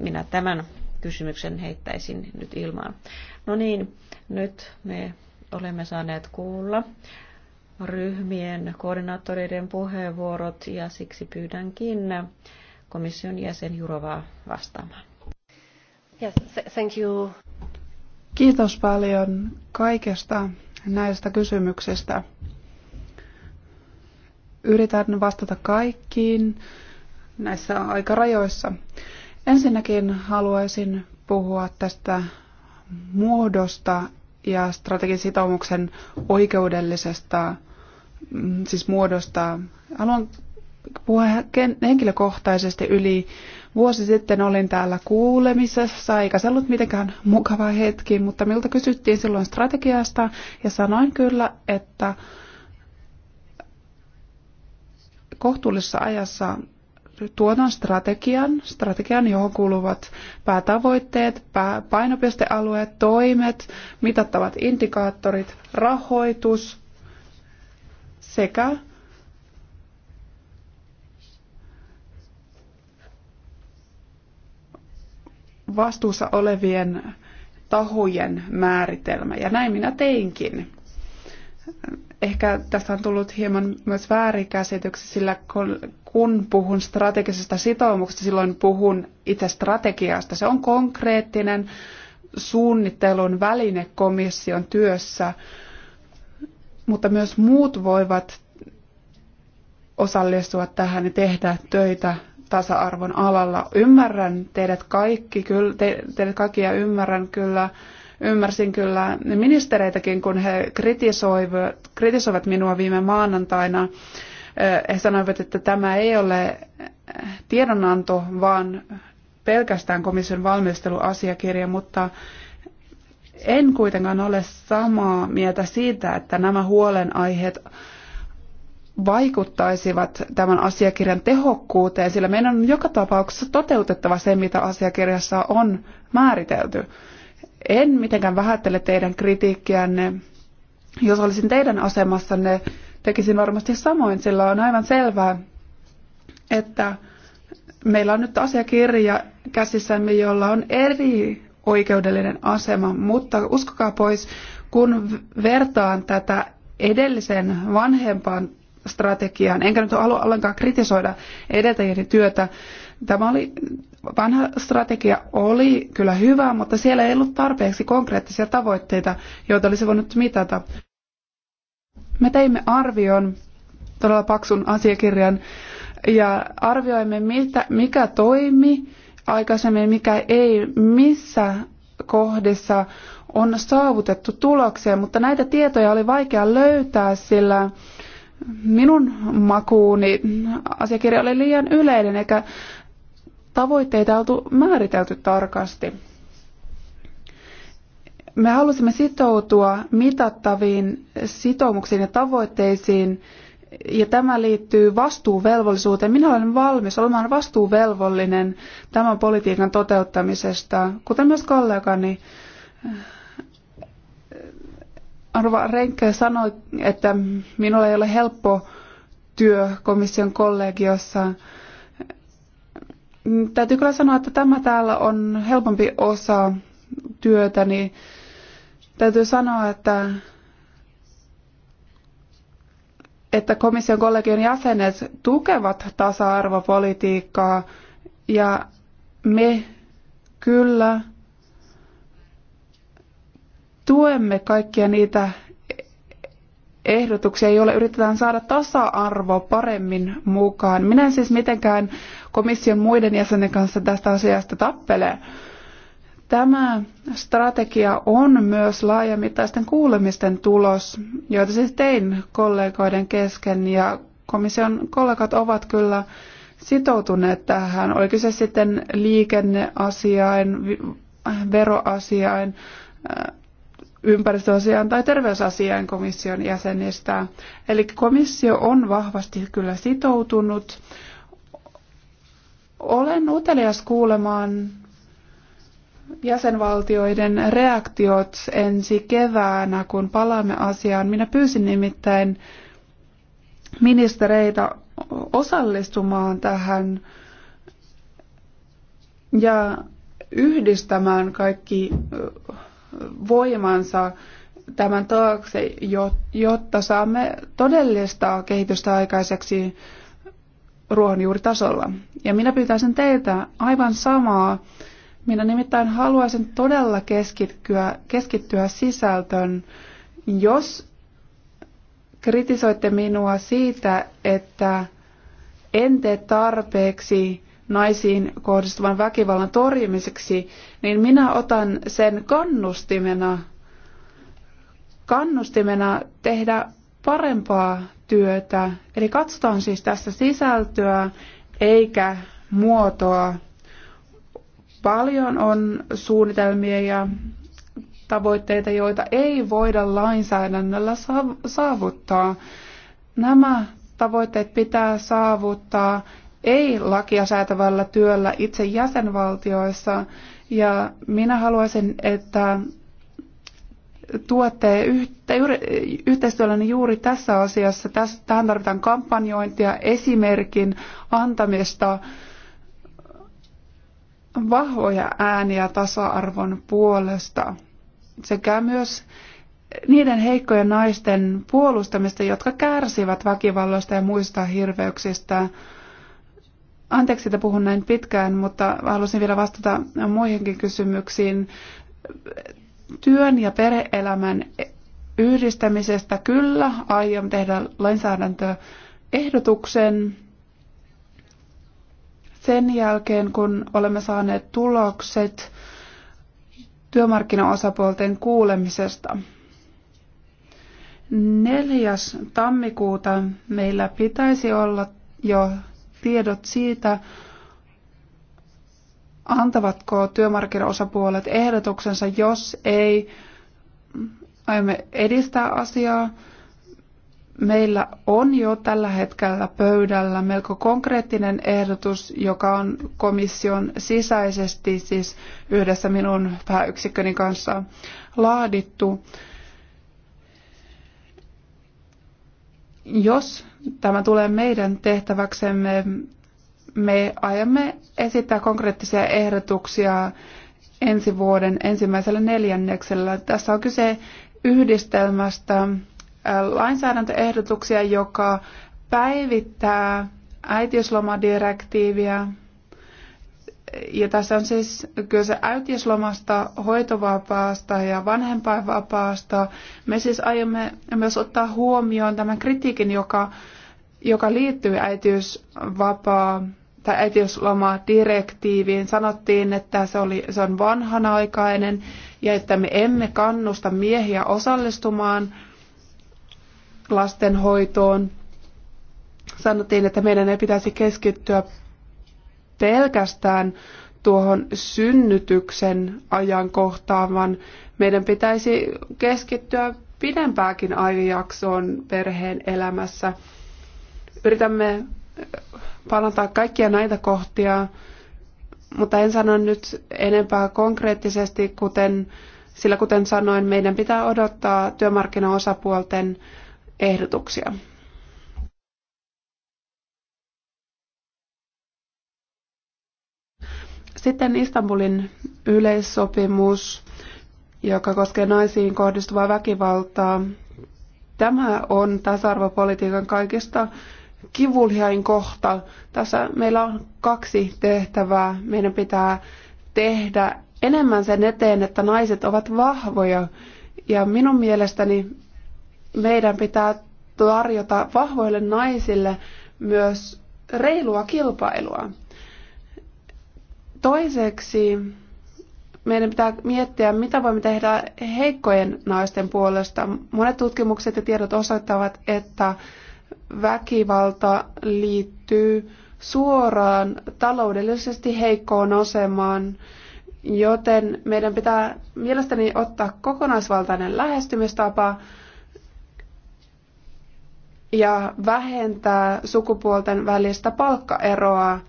Minä tämän kysymyksen heittäisin nyt ilmaan. No niin, nyt me olemme saaneet kuulla ryhmien koordinaattoreiden puheenvuorot ja siksi pyydänkin komission jäsen Jurovaa vastaamaan. Yes, thank you. Kiitos paljon kaikesta näistä kysymyksistä. Yritän vastata kaikkiin näissä aikarajoissa. Ensinnäkin haluaisin puhua tästä muodosta, ja strategisen sitoumuksen oikeudellisesta mm, siis muodosta. Haluan puhua henkilökohtaisesti yli vuosi sitten olin täällä kuulemisessa, eikä se ollut mitenkään mukava hetki, mutta miltä kysyttiin silloin strategiasta ja sanoin kyllä, että kohtuullisessa ajassa tuotan strategian, strategian, johon kuuluvat päätavoitteet, painopistealueet, toimet, mitattavat indikaattorit, rahoitus sekä vastuussa olevien tahojen määritelmä. Ja näin minä teinkin ehkä tästä on tullut hieman myös väärinkäsityksi, sillä kun puhun strategisesta sitoumuksesta, silloin puhun itse strategiasta. Se on konkreettinen suunnittelun väline komission työssä, mutta myös muut voivat osallistua tähän ja tehdä töitä tasa-arvon alalla. Ymmärrän teidät kaikki, kyllä, te, teidät ja ymmärrän kyllä Ymmärsin kyllä ministereitäkin, kun he kritisoivat, kritisoivat minua viime maanantaina. He sanoivat, että tämä ei ole äh, tiedonanto, vaan pelkästään komission valmisteluasiakirja, mutta en kuitenkaan ole samaa mieltä siitä, että nämä huolenaiheet vaikuttaisivat tämän asiakirjan tehokkuuteen, sillä meidän on joka tapauksessa toteutettava se, mitä asiakirjassa on määritelty. En mitenkään vähättele teidän kritiikkiänne. Jos olisin teidän asemassanne, tekisin varmasti samoin, sillä on aivan selvää, että meillä on nyt asiakirja käsissämme, jolla on eri oikeudellinen asema, mutta uskokaa pois, kun vertaan tätä edellisen vanhempaan strategiaan, enkä nyt halua ollenkaan kritisoida edeltäjieni työtä. Tämä oli vanha strategia oli kyllä hyvä, mutta siellä ei ollut tarpeeksi konkreettisia tavoitteita, joita olisi voinut mitata. Me teimme arvion, todella paksun asiakirjan, ja arvioimme, mitä, mikä toimi aikaisemmin, mikä ei, missä kohdissa on saavutettu tuloksia, mutta näitä tietoja oli vaikea löytää, sillä minun makuuni asiakirja oli liian yleinen, eikä tavoitteita oltu määritelty tarkasti. Me halusimme sitoutua mitattaviin sitoumuksiin ja tavoitteisiin, ja tämä liittyy vastuuvelvollisuuteen. Minä olen valmis olemaan vastuuvelvollinen tämän politiikan toteuttamisesta, kuten myös kollegani äh, Arva Renkke sanoi, että minulla ei ole helppo työ komission kollegiossa Mm, täytyy kyllä sanoa, että tämä täällä on helpompi osa työtä, niin täytyy sanoa, että, että komission kollegion jäsenet tukevat tasa-arvopolitiikkaa ja me kyllä tuemme kaikkia niitä ehdotuksia, joilla yritetään saada tasa-arvo paremmin mukaan. Minä en siis mitenkään komission muiden jäsenen kanssa tästä asiasta tappelee. Tämä strategia on myös laajamittaisten kuulemisten tulos, joita siis tein kollegoiden kesken ja komission kollegat ovat kyllä sitoutuneet tähän. Oli kyse sitten liikenneasiain, veroasiain, äh, ympäristöasiaan tai terveysasiain komission jäsenistä. Eli komissio on vahvasti kyllä sitoutunut olen utelias kuulemaan jäsenvaltioiden reaktiot ensi keväänä, kun palaamme asiaan. Minä pyysin nimittäin ministereitä osallistumaan tähän ja yhdistämään kaikki voimansa tämän taakse, jotta saamme todellista kehitystä aikaiseksi ruohonjuuritasolla. Ja minä pyytäisin teiltä aivan samaa. Minä nimittäin haluaisin todella keskittyä, keskittyä sisältöön. Jos kritisoitte minua siitä, että en tee tarpeeksi naisiin kohdistuvan väkivallan torjumiseksi, niin minä otan sen kannustimena, kannustimena tehdä parempaa työtä. Eli katsotaan siis tässä sisältöä eikä muotoa. Paljon on suunnitelmia ja tavoitteita, joita ei voida lainsäädännöllä saavuttaa. Nämä tavoitteet pitää saavuttaa ei lakia säätävällä työllä itse jäsenvaltioissa. Ja minä haluaisin, että tuette yhteistyöllä niin juuri tässä asiassa. Tähän tarvitaan kampanjointia, esimerkin antamista, vahvoja ääniä tasa-arvon puolesta sekä myös niiden heikkojen naisten puolustamista, jotka kärsivät väkivalloista ja muista hirveyksistä. Anteeksi, että puhun näin pitkään, mutta haluaisin vielä vastata muihinkin kysymyksiin työn ja perheelämän yhdistämisestä kyllä aion tehdä lainsäädäntöehdotuksen sen jälkeen, kun olemme saaneet tulokset työmarkkinaosapuolten kuulemisesta. 4. tammikuuta meillä pitäisi olla jo tiedot siitä, antavatko työmarkkinaosapuolet ehdotuksensa, jos ei mm, aiomme edistää asiaa. Meillä on jo tällä hetkellä pöydällä melko konkreettinen ehdotus, joka on komission sisäisesti, siis yhdessä minun pääyksikköni kanssa laadittu. Jos tämä tulee meidän tehtäväksemme me aiomme esittää konkreettisia ehdotuksia ensi vuoden ensimmäisellä neljänneksellä. Tässä on kyse yhdistelmästä äh, lainsäädäntöehdotuksia, joka päivittää äitiyslomadirektiiviä. Ja tässä on siis kyse äitiyslomasta, hoitovapaasta ja vanhempainvapaasta. Me siis aiomme myös ottaa huomioon tämän kritiikin, joka, joka liittyy äitiysvapaa tai äitiyslomadirektiiviin sanottiin, että se, oli, se on vanhanaikainen ja että me emme kannusta miehiä osallistumaan lastenhoitoon. Sanottiin, että meidän ei pitäisi keskittyä pelkästään tuohon synnytyksen ajankohtaan, vaan meidän pitäisi keskittyä pidempääkin aikajaksoon perheen elämässä. Yritämme parantaa kaikkia näitä kohtia, mutta en sano nyt enempää konkreettisesti, kuten, sillä kuten sanoin, meidän pitää odottaa työmarkkinaosapuolten ehdotuksia. Sitten Istanbulin yleissopimus, joka koskee naisiin kohdistuvaa väkivaltaa. Tämä on tasa-arvopolitiikan kaikista kivuliain kohta. Tässä meillä on kaksi tehtävää. Meidän pitää tehdä enemmän sen eteen, että naiset ovat vahvoja. Ja minun mielestäni meidän pitää tarjota vahvoille naisille myös reilua kilpailua. Toiseksi meidän pitää miettiä, mitä voimme tehdä heikkojen naisten puolesta. Monet tutkimukset ja tiedot osoittavat, että väkivalta liittyy suoraan taloudellisesti heikkoon asemaan, joten meidän pitää mielestäni ottaa kokonaisvaltainen lähestymistapa ja vähentää sukupuolten välistä palkkaeroa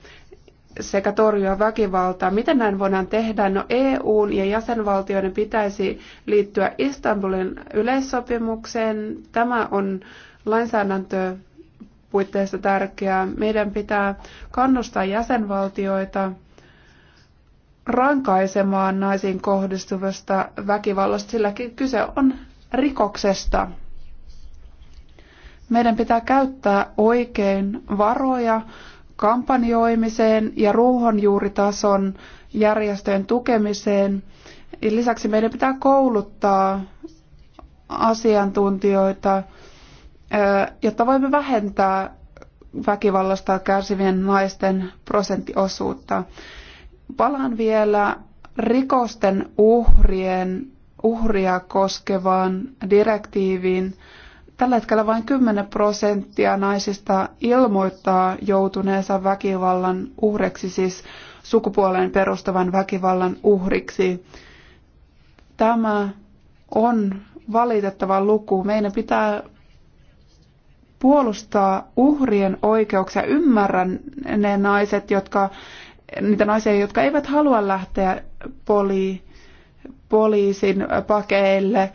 sekä torjua väkivaltaa. Miten näin voidaan tehdä? No EUn ja jäsenvaltioiden pitäisi liittyä Istanbulin yleissopimukseen. Tämä on lainsäädäntöä puitteissa tärkeää. Meidän pitää kannustaa jäsenvaltioita rankaisemaan naisiin kohdistuvasta väkivallasta, sillä kyse on rikoksesta. Meidän pitää käyttää oikein varoja kampanjoimiseen ja ruohonjuuritason järjestöjen tukemiseen. Lisäksi meidän pitää kouluttaa asiantuntijoita jotta voimme vähentää väkivallasta kärsivien naisten prosenttiosuutta. Palaan vielä rikosten uhrien, uhria koskevaan direktiiviin. Tällä hetkellä vain 10 prosenttia naisista ilmoittaa joutuneensa väkivallan uhreksi, siis sukupuoleen perustavan väkivallan uhriksi. Tämä on valitettava luku. Meidän pitää puolustaa uhrien oikeuksia. Ymmärrän ne naiset, jotka, niitä naisia, jotka eivät halua lähteä poli, poliisin pakeille,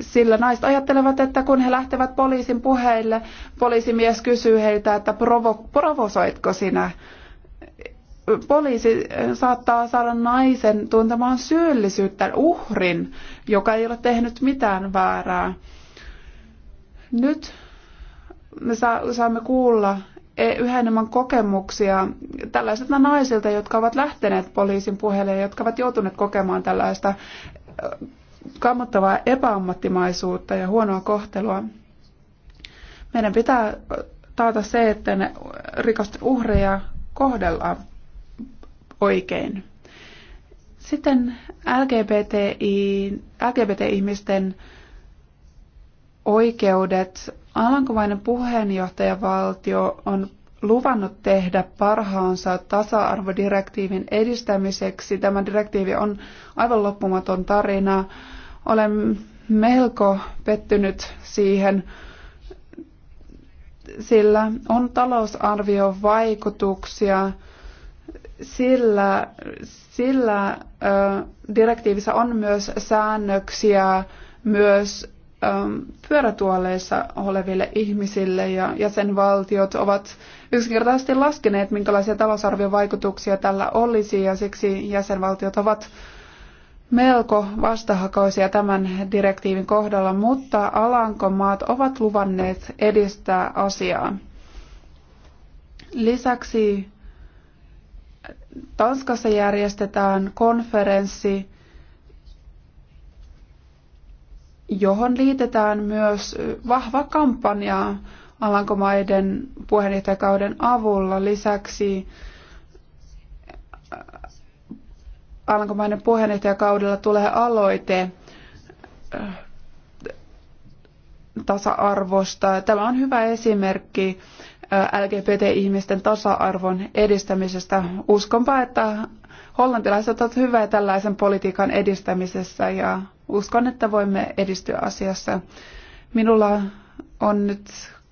sillä naiset ajattelevat, että kun he lähtevät poliisin puheille, poliisimies kysyy heiltä, että provo- provosoitko sinä. Poliisi saattaa saada naisen tuntemaan syyllisyyttä, uhrin, joka ei ole tehnyt mitään väärää. Nyt me saamme kuulla e-, yhä enemmän kokemuksia tällaisilta naisilta, jotka ovat lähteneet poliisin puheelle ja jotka ovat joutuneet kokemaan tällaista kammottavaa epäammattimaisuutta ja huonoa kohtelua. Meidän pitää taata se, että ne rikosten uhreja kohdellaan oikein. Sitten LGBT oikeudet. Alankomainen puheenjohtajavaltio on luvannut tehdä parhaansa tasa-arvodirektiivin edistämiseksi. Tämä direktiivi on aivan loppumaton tarina. Olen melko pettynyt siihen, sillä on talousarviovaikutuksia, vaikutuksia, sillä, sillä ö, direktiivissä on myös säännöksiä myös Ähm, pyörätuoleissa oleville ihmisille ja jäsenvaltiot ovat yksinkertaisesti laskeneet, minkälaisia talousarviovaikutuksia tällä olisi ja siksi jäsenvaltiot ovat melko vastahakoisia tämän direktiivin kohdalla, mutta Alankomaat ovat luvanneet edistää asiaa. Lisäksi Tanskassa järjestetään konferenssi johon liitetään myös vahva kampanja Alankomaiden puheenjohtajakauden avulla. Lisäksi äh, Alankomaiden puheenjohtajakaudella tulee aloite äh, tasa-arvosta. Tämä on hyvä esimerkki äh, LGBT-ihmisten tasa-arvon edistämisestä. Uskonpa, että hollantilaiset ovat hyvää tällaisen politiikan edistämisessä ja uskon, että voimme edistyä asiassa. Minulla on nyt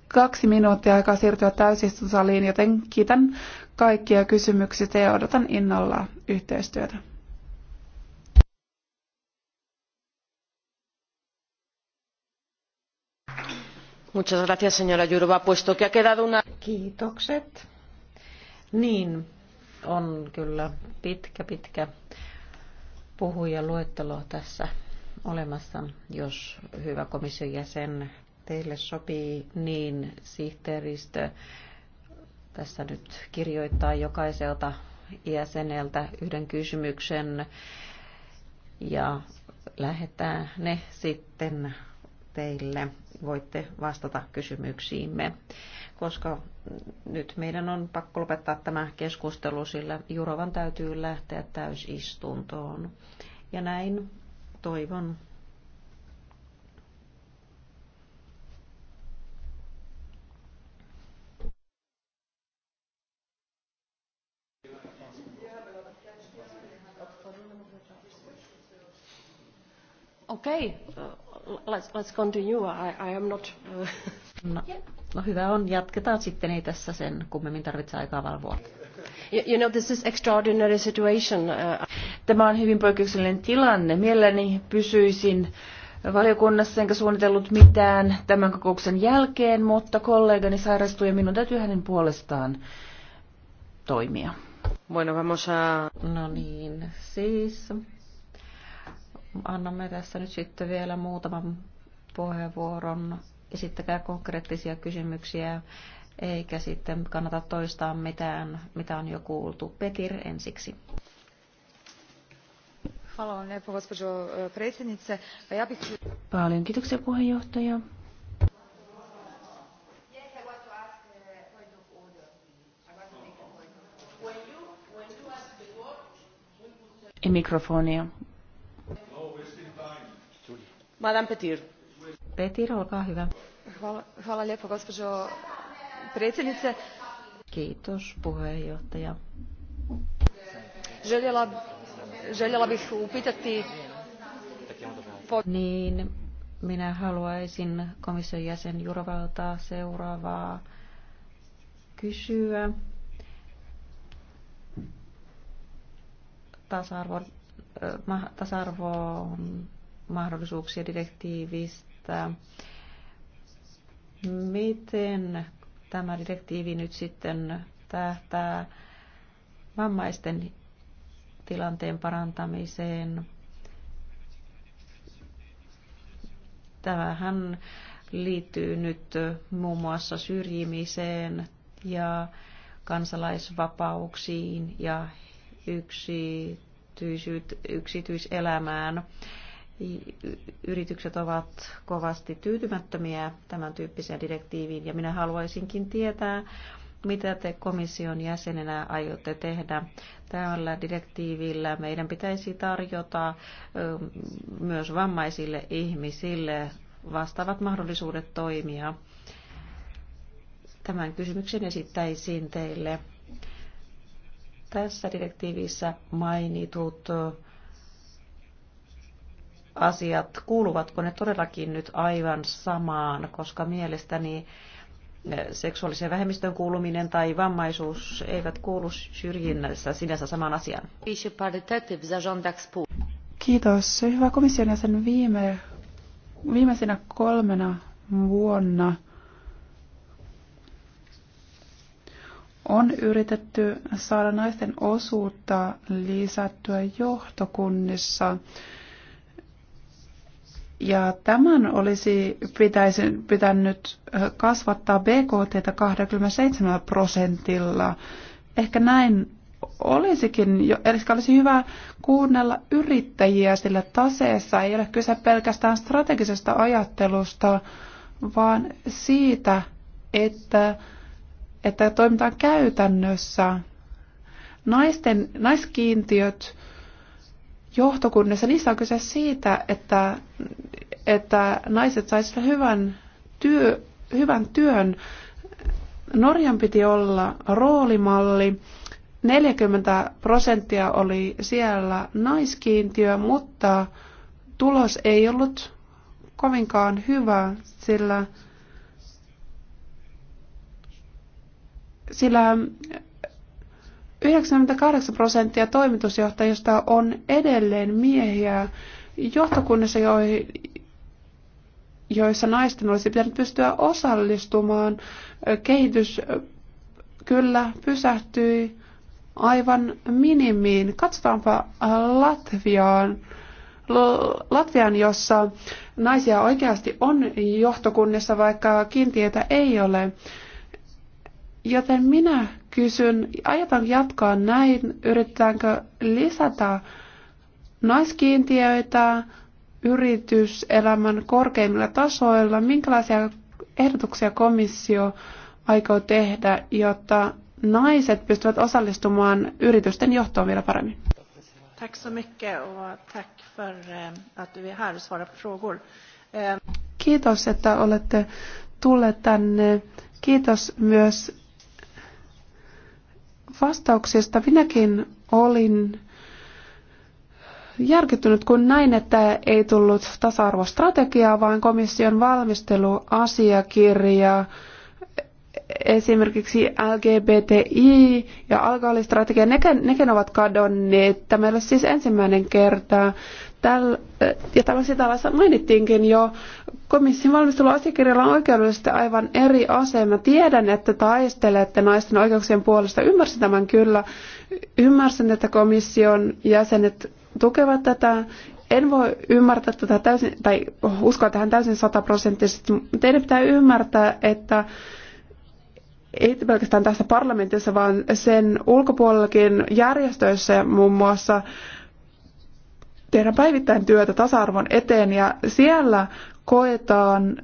kaksi minuuttia aikaa siirtyä täysistuntosaliin, joten kiitän kaikkia kysymyksistä ja odotan innolla yhteistyötä. Muchas gracias, señora Jurova, puesto que ha quedado una... Kiitokset. Niin, on kyllä pitkä, pitkä puhujaluettelo tässä olemassa. Jos hyvä komission jäsen teille sopii, niin sihteeristö tässä nyt kirjoittaa jokaiselta jäseneltä yhden kysymyksen ja lähettää ne sitten teille. Voitte vastata kysymyksiimme, koska nyt meidän on pakko lopettaa tämä keskustelu, sillä Jurovan täytyy lähteä täysistuntoon. Ja näin toivon Okay, uh, let's, let's continue. I, I am not... Uh, no, no hyvä on, jatketaan sitten, ei tässä sen kummemmin tarvitse aikaa valvoa. You know, this is extraordinary situation. Uh, Tämä on hyvin poikkeuksellinen tilanne. Mielelläni pysyisin valiokunnassa enkä suunnitellut mitään tämän kokouksen jälkeen, mutta kollegani sairastui ja minun täytyy hänen puolestaan toimia. Bueno, vamos a... No niin, siis annamme tässä nyt sitten vielä muutaman puheenvuoron. Esittäkää konkreettisia kysymyksiä eikä sitten kannata toistaa mitään, mitä on jo kuultu. Petir ensiksi. E, Paljon kiitoksia puheenjohtaja. mikrofonia. Madame Petir. Petir, olkaa hyvä. Hvala, hvala lijepo, gospođo predsjednice. Kiitos puheenjohtaja. Željela, željela bih upitati... Niin, minä haluaisin komission jäsen Jurovalta seuraavaa kysyä. Tasa-arvo, tasa-arvo mahdollisuuksia direktiivistä. Miten tämä direktiivi nyt sitten tähtää vammaisten tilanteen parantamiseen. Tämähän liittyy nyt muun muassa syrjimiseen ja kansalaisvapauksiin ja yksityisyyt, yksityiselämään yritykset ovat kovasti tyytymättömiä tämän tyyppiseen direktiiviin ja minä haluaisinkin tietää, mitä te komission jäsenenä aiotte tehdä tällä direktiivillä. Meidän pitäisi tarjota myös vammaisille ihmisille vastaavat mahdollisuudet toimia. Tämän kysymyksen esittäisin teille. Tässä direktiivissä mainitut asiat, kuuluvatko ne todellakin nyt aivan samaan, koska mielestäni eh, seksuaalisen vähemmistön kuuluminen tai vammaisuus eivät kuulu syrjinnässä sinänsä samaan asiaan. Kiitos. Hyvä komission jäsen viime, viimeisenä kolmena vuonna on yritetty saada naisten osuutta lisättyä johtokunnissa. Ja tämän olisi pitäisi, pitänyt kasvattaa BKT 27 prosentilla. Ehkä näin olisikin, eli olisi hyvä kuunnella yrittäjiä, sillä taseessa ei ole kyse pelkästään strategisesta ajattelusta, vaan siitä, että, että toimitaan käytännössä. Naisten, naiskiintiöt johtokunnissa, niissä on kyse siitä, että, että naiset saisivat hyvän, työ, hyvän työn. Norjan piti olla roolimalli. 40 prosenttia oli siellä naiskiintiö, mutta tulos ei ollut kovinkaan hyvä, sillä, sillä 98 prosenttia toimitusjohtajista on edelleen miehiä johtokunnissa, joissa naisten olisi pitänyt pystyä osallistumaan. Kehitys kyllä pysähtyi aivan minimiin. Katsotaanpa Latviaan. Latvian, jossa naisia oikeasti on johtokunnissa, vaikka kiintiötä ei ole. Joten minä kysyn, ajatanko jatkaa näin, yritetäänkö lisätä naiskiintiöitä yrityselämän korkeimmilla tasoilla, minkälaisia ehdotuksia komissio aikoo tehdä, jotta naiset pystyvät osallistumaan yritysten johtoon vielä paremmin? Tack så mycket och tack för eh, att du är här och svarar på frågor. Eh, Kiitos, että olette tulleet tänne. Kiitos myös vastauksesta Minäkin olin järkyttynyt, kun näin, että ei tullut tasa-arvostrategiaa, vaan komission valmisteluasiakirja, esimerkiksi LGBTI ja alkoholistrategia, nekin, nekin ovat kadonneet. Tämä ei ole siis ensimmäinen kerta. Täl, ja tämä sitä mainittiinkin jo, komission valmisteluasiakirjalla on oikeudellisesti aivan eri asema. Tiedän, että taistelette naisten oikeuksien puolesta. Ymmärsin tämän kyllä. Ymmärsin, että komission jäsenet tukevat tätä. En voi ymmärtää tätä täysin, tai uskoa tähän täysin sataprosenttisesti. Teidän pitää ymmärtää, että ei pelkästään tässä parlamentissa, vaan sen ulkopuolellakin järjestöissä muun muassa tehdä päivittäin työtä tasa-arvon eteen ja siellä koetaan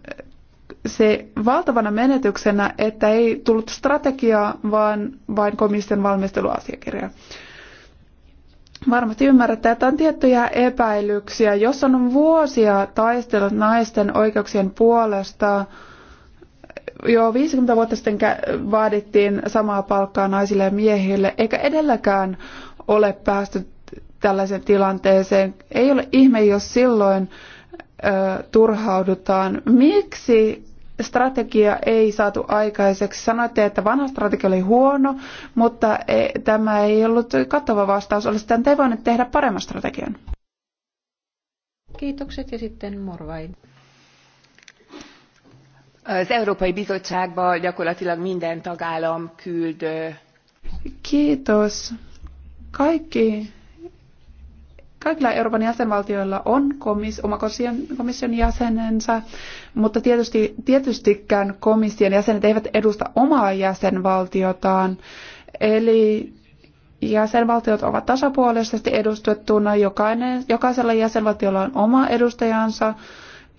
se valtavana menetyksenä, että ei tullut strategiaa, vaan vain komission valmisteluasiakirja. Varmasti ymmärrätte, että on tiettyjä epäilyksiä. Jos on vuosia taistellut naisten oikeuksien puolesta, jo 50 vuotta sitten vaadittiin samaa palkkaa naisille ja miehille, eikä edelläkään ole päästy tällaiseen tilanteeseen. Ei ole ihme, jos silloin ö, turhaudutaan. Miksi strategia ei saatu aikaiseksi? Sanoitte, että vanha strategia oli huono, mutta e, tämä ei ollut kattava vastaus. Olisitte te voineet tehdä paremman strategian? Kiitokset ja sitten Morvai. Az Európai Bizottságba gyakorlatilag minden tagállam küld. Kiitos. Kaikki Kaikilla Euroopan jäsenvaltioilla on komis, oma komission jäsenensä, mutta tietysti, tietystikään komission jäsenet eivät edusta omaa jäsenvaltiotaan. Eli jäsenvaltiot ovat tasapuolisesti edustettuna, jokainen, jokaisella jäsenvaltiolla on oma edustajansa,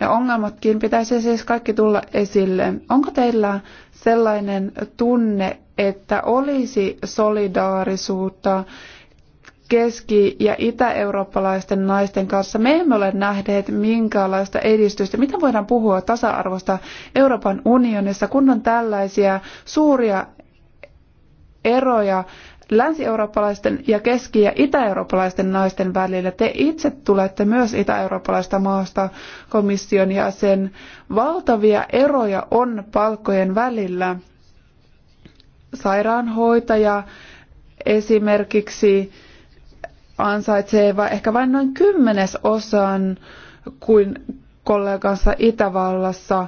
ja ongelmatkin pitäisi siis kaikki tulla esille. Onko teillä sellainen tunne, että olisi solidaarisuutta keski- ja itä-eurooppalaisten naisten kanssa. Me emme ole nähneet minkäänlaista edistystä. Mitä voidaan puhua tasa-arvosta Euroopan unionissa, kun on tällaisia suuria eroja länsi-eurooppalaisten ja keski- ja itä-eurooppalaisten naisten välillä. Te itse tulette myös itä-eurooppalaista maasta komission ja sen valtavia eroja on palkkojen välillä. Sairaanhoitaja esimerkiksi ansaitsee vain, ehkä vain noin kymmenesosan kuin kollegansa Itävallassa.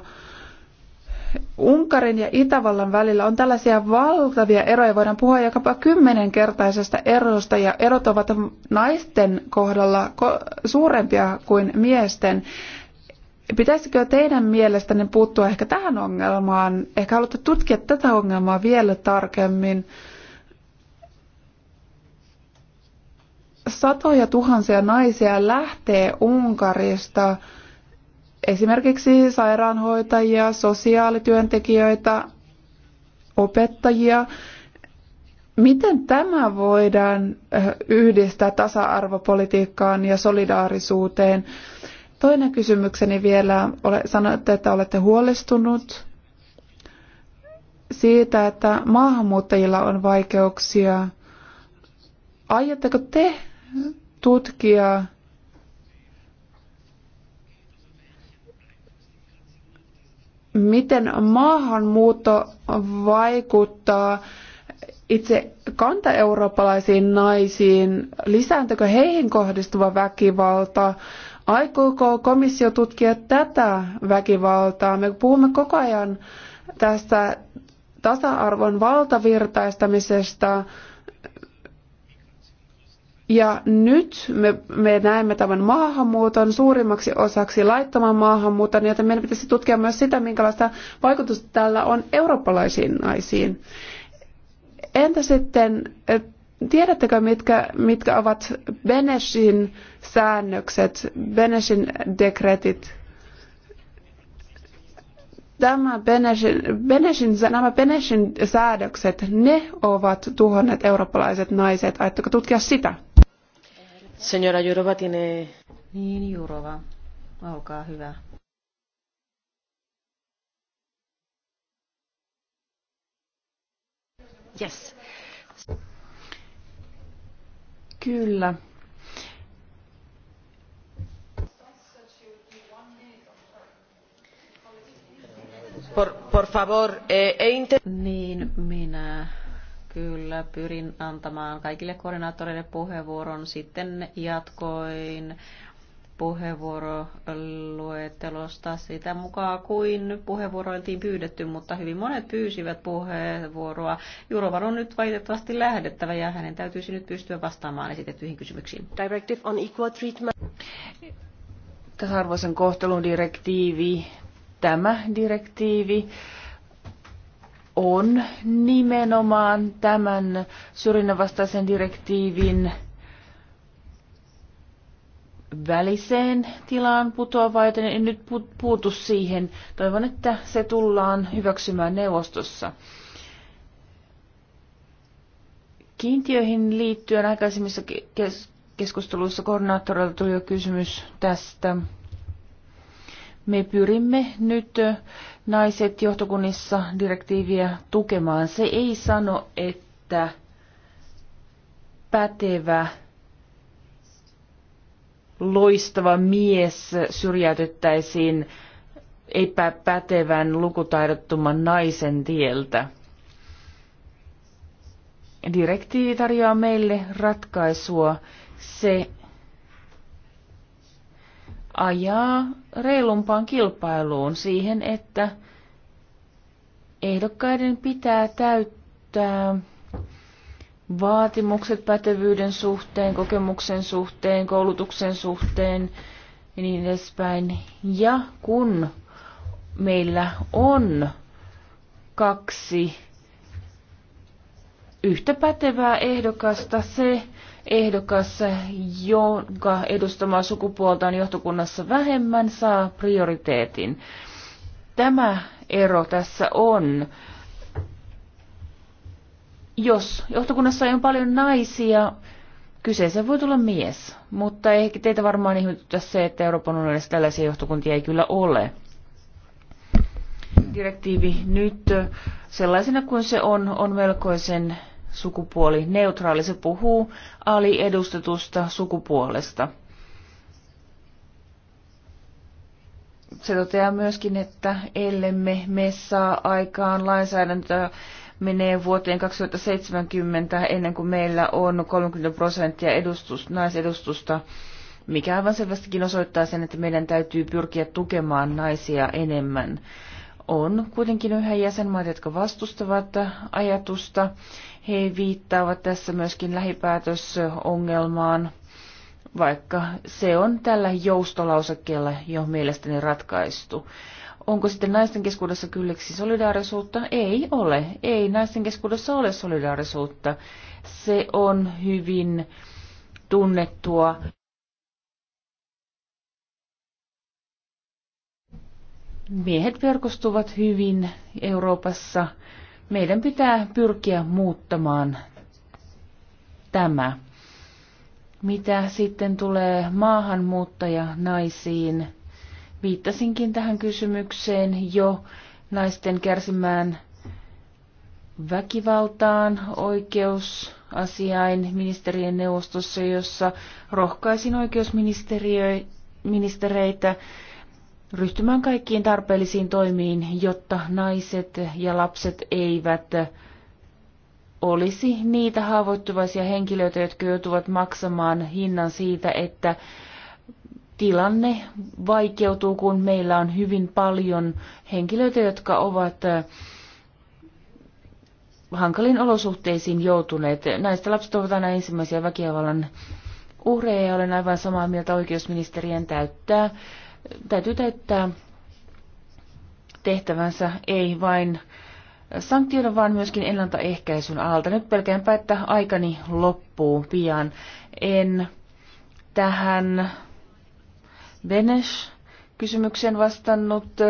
Unkarin ja Itävallan välillä on tällaisia valtavia eroja. Voidaan puhua jopa kymmenenkertaisesta erosta ja erot ovat naisten kohdalla suurempia kuin miesten. Pitäisikö teidän mielestänne puuttua ehkä tähän ongelmaan? Ehkä haluatte tutkia tätä ongelmaa vielä tarkemmin. satoja tuhansia naisia lähtee Unkarista, esimerkiksi sairaanhoitajia, sosiaalityöntekijöitä, opettajia. Miten tämä voidaan eh, yhdistää tasa-arvopolitiikkaan ja solidaarisuuteen? Toinen kysymykseni vielä. Sanoitte, että olette huolestunut siitä, että maahanmuuttajilla on vaikeuksia. Aiotteko te tutkia miten maahanmuutto vaikuttaa itse kanta-eurooppalaisiin naisiin, lisääntykö heihin kohdistuva väkivalta, aikooko komissio tutkia tätä väkivaltaa. Me puhumme koko ajan tästä tasa-arvon valtavirtaistamisesta, ja nyt me, me näemme tämän maahanmuuton suurimmaksi osaksi laittoman maahanmuuton, joten meidän pitäisi tutkia myös sitä, minkälaista vaikutusta tällä on eurooppalaisiin naisiin. Entä sitten, tiedättekö mitkä, mitkä ovat Beneshin säännökset, Beneshin dekretit? Tämä Beneshin, Beneshin, nämä Beneshin säädökset, ne ovat tuhonneet eurooppalaiset naiset. Ajatteko tutkia sitä? Señora Jurova tiene... Niin, Olkaa hyvä. Yes. Kyllä. Por, por favor, eh, Niin, minä Kyllä, pyrin antamaan kaikille koordinaattoreille puheenvuoron. Sitten jatkoin puheenvuoroluettelosta sitä mukaan kuin puheenvuoroiltiin pyydetty, mutta hyvin monet pyysivät puheenvuoroa. Jurovar on nyt valitettavasti lähdettävä ja hänen täytyisi nyt pystyä vastaamaan esitettyihin kysymyksiin. Directive on equal treatment. Tasa-arvoisen kohtelun direktiivi, tämä direktiivi on nimenomaan tämän syrjinnänvastaisen vastaisen direktiivin väliseen tilaan putoava, joten en nyt puutu siihen. Toivon, että se tullaan hyväksymään neuvostossa. Kiintiöihin liittyen aikaisemmissa keskusteluissa koordinaattorilta tuli jo kysymys tästä. Me pyrimme nyt naiset johtokunnissa direktiiviä tukemaan. Se ei sano, että pätevä loistava mies syrjäytettäisiin epäpätevän lukutaidottoman naisen tieltä. Direktiivi tarjoaa meille ratkaisua. Se ajaa reilumpaan kilpailuun siihen, että ehdokkaiden pitää täyttää vaatimukset pätevyyden suhteen, kokemuksen suhteen, koulutuksen suhteen ja niin edespäin. Ja kun meillä on kaksi yhtä pätevää ehdokasta, se ehdokas, jonka edustamaa sukupuolta on johtokunnassa vähemmän, saa prioriteetin. Tämä ero tässä on. Jos johtokunnassa on paljon naisia, kyseessä voi tulla mies, mutta ehkä teitä varmaan ihmetyttää se, että Euroopan unionissa tällaisia johtokuntia ei kyllä ole. Direktiivi nyt sellaisena kuin se on, on melkoisen sukupuolineutraali. Se puhuu aliedustetusta sukupuolesta. Se toteaa myöskin, että ellemme me saa aikaan lainsäädäntöä, menee vuoteen 2070 ennen kuin meillä on 30 prosenttia edustus, naisedustusta, mikä aivan selvästikin osoittaa sen, että meidän täytyy pyrkiä tukemaan naisia enemmän. On kuitenkin yhä jäsenmaat, jotka vastustavat ajatusta he viittaavat tässä myöskin lähipäätösongelmaan, vaikka se on tällä joustolausekkeella jo mielestäni ratkaistu. Onko sitten naisten keskuudessa kylliksi solidaarisuutta? Ei ole. Ei naisten keskuudessa ole solidaarisuutta. Se on hyvin tunnettua. Miehet verkostuvat hyvin Euroopassa meidän pitää pyrkiä muuttamaan tämä. Mitä sitten tulee maahanmuuttaja naisiin? Viittasinkin tähän kysymykseen jo naisten kärsimään väkivaltaan oikeusasiain ministerien neuvostossa, jossa rohkaisin oikeusministeriöitä ryhtymään kaikkiin tarpeellisiin toimiin, jotta naiset ja lapset eivät olisi niitä haavoittuvaisia henkilöitä, jotka joutuvat maksamaan hinnan siitä, että tilanne vaikeutuu, kun meillä on hyvin paljon henkilöitä, jotka ovat äh, hankalin olosuhteisiin joutuneet. Näistä lapset ovat aina ensimmäisiä väkivallan uhreja ja olen aivan samaa mieltä oikeusministeriön täyttää täytyy täyttää tehtävänsä ei vain sanktioida, vaan myöskin ennaltaehkäisyn alta. Nyt pelkäänpä, että aikani loppuu pian. En tähän venes kysymykseen vastannut,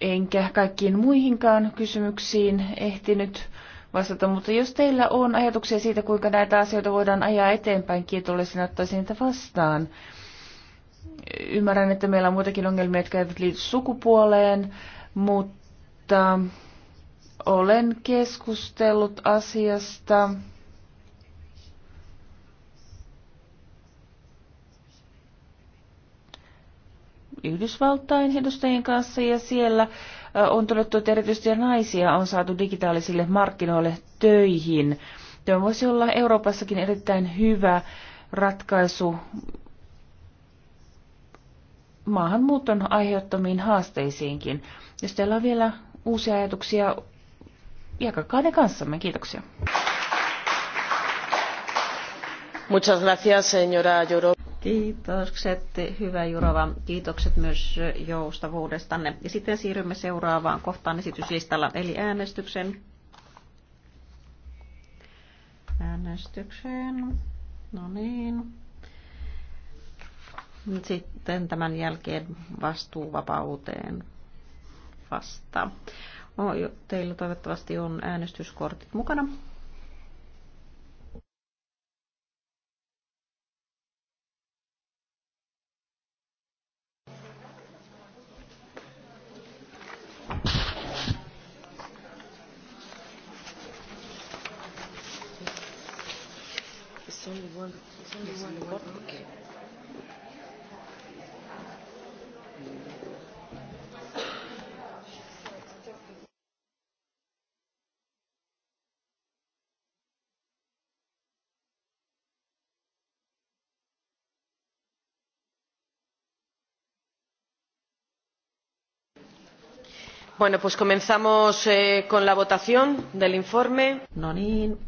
enkä kaikkiin muihinkaan kysymyksiin ehtinyt vastata, mutta jos teillä on ajatuksia siitä, kuinka näitä asioita voidaan ajaa eteenpäin, kiitollisena ottaisin niitä vastaan. Ymmärrän, että meillä on muitakin ongelmia, jotka eivät liity sukupuoleen, mutta olen keskustellut asiasta. Yhdysvaltain edustajien kanssa ja siellä äh, on todettu, että erityisesti naisia on saatu digitaalisille markkinoille töihin. Tämä voisi olla Euroopassakin erittäin hyvä ratkaisu maahanmuuton aiheuttamiin haasteisiinkin. Jos teillä on vielä uusia ajatuksia, jakakaa ne kanssamme. Kiitoksia. Muchas gracias, señora Juro. Kiitokset, hyvä Jurova. Kiitokset myös joustavuudestanne. Ja sitten siirrymme seuraavaan kohtaan esityslistalla, eli äänestyksen. Äänestykseen. No niin. Sitten tämän jälkeen vastuuvapauteen vasta. Teillä toivottavasti on äänestyskortit mukana. Bueno, pues comenzamos eh, con la votación del informe. No niin,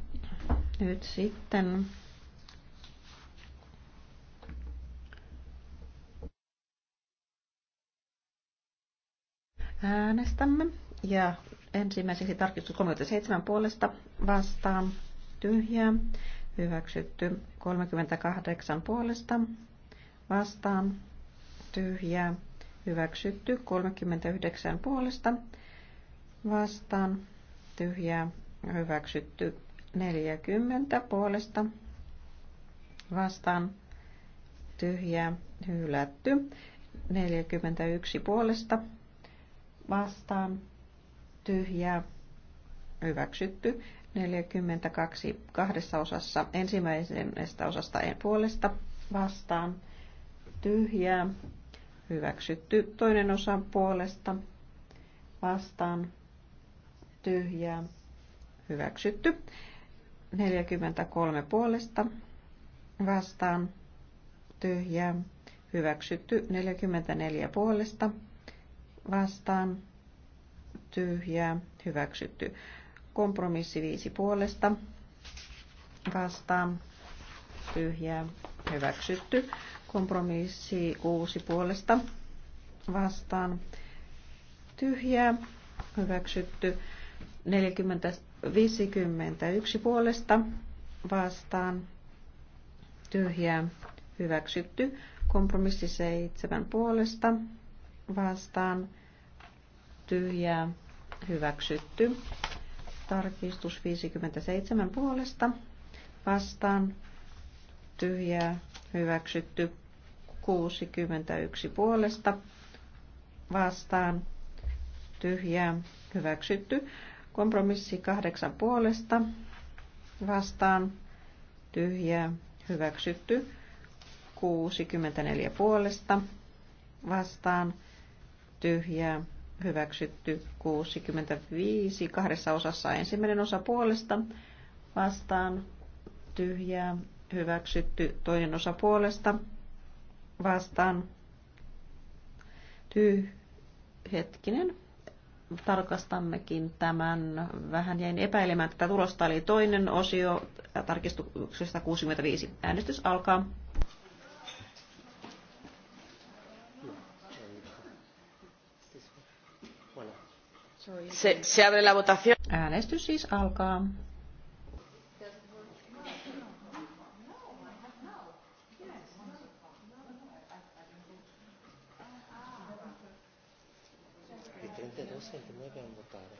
nyt sitten äänestämme. Ja ensimmäiseksi tarkistus 37 puolesta vastaan tyhjää. Hyväksytty 38 puolesta vastaan tyhjää hyväksytty 39 puolesta vastaan tyhjää hyväksytty 40 puolesta vastaan tyhjää hylätty 41 puolesta vastaan tyhjää hyväksytty 42 kahdessa osassa ensimmäisestä osasta en puolesta vastaan tyhjää Hyväksytty toinen osan puolesta vastaan tyhjää. Hyväksytty. 43 puolesta vastaan tyhjää. Hyväksytty 44 puolesta vastaan tyhjää. Hyväksytty kompromissi 5 puolesta vastaan tyhjää. Hyväksytty Kompromissi kuusi puolesta vastaan tyhjää. Hyväksytty 40, 51 puolesta vastaan tyhjää. Hyväksytty kompromissi seitsemän puolesta vastaan tyhjää. Hyväksytty tarkistus 57 puolesta vastaan tyhjää hyväksytty 61 puolesta vastaan tyhjää hyväksytty. Kompromissi 8 puolesta vastaan tyhjää hyväksytty. 64 puolesta vastaan tyhjää hyväksytty 65 kahdessa osassa ensimmäinen osa puolesta vastaan tyhjää hyväksytty toinen osa puolesta vastaan tyy hetkinen. Tarkastammekin tämän. Vähän jäin epäilemään tätä tulosta, eli toinen osio tarkistuksesta 65. Äänestys alkaa. Se, se abre la votación. Äänestys siis alkaa. non sento, dobbiamo votare.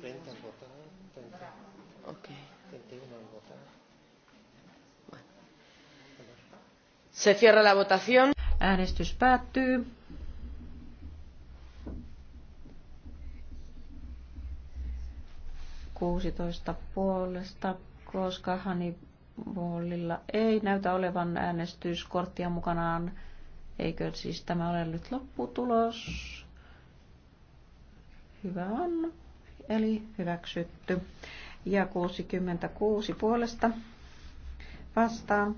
30 a votare, 30. Ok. 31 a votare. Bueno. Se cierra la votación. Äänestys päättyy. Kuusitoista puolesta, koska Hannibalilla ei näytä olevan äänestyskorttia mukanaan. Eikö siis tämä ole nyt lopputulos? Hyvä on. Eli hyväksytty. Ja 66 puolesta vastaan.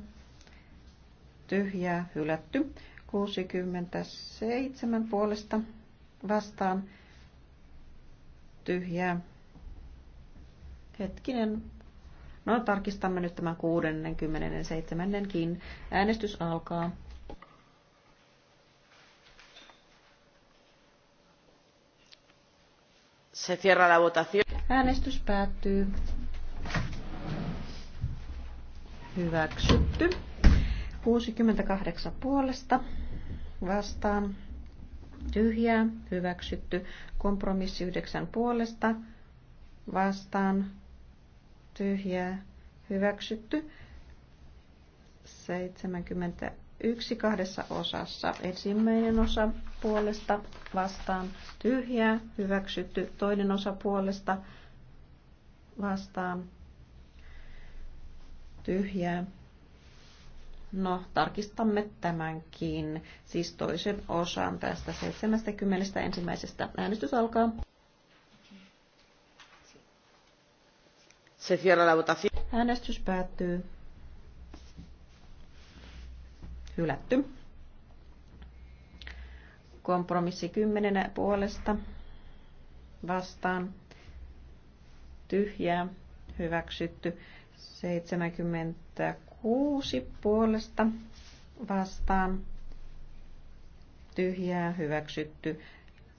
Tyhjää hylätty. 67 puolesta vastaan. Tyhjää. Hetkinen. No tarkistamme nyt tämän 67. Äänestys alkaa. Se cierra la votación. Äänestys päättyy. Hyväksytty. 68 puolesta vastaan. Tyhjää. Hyväksytty. Kompromissi 9 puolesta vastaan. Tyhjää. Hyväksytty. 70 yksi kahdessa osassa. Ensimmäinen osa puolesta vastaan tyhjää, hyväksytty. Toinen osa puolesta vastaan tyhjää. No, tarkistamme tämänkin, siis toisen osan tästä 70. ensimmäisestä. Äänestys alkaa. Se cierra la votación. Äänestys päättyy hylätty. Kompromissi 10 puolesta vastaan tyhjää hyväksytty 76 puolesta vastaan tyhjää hyväksytty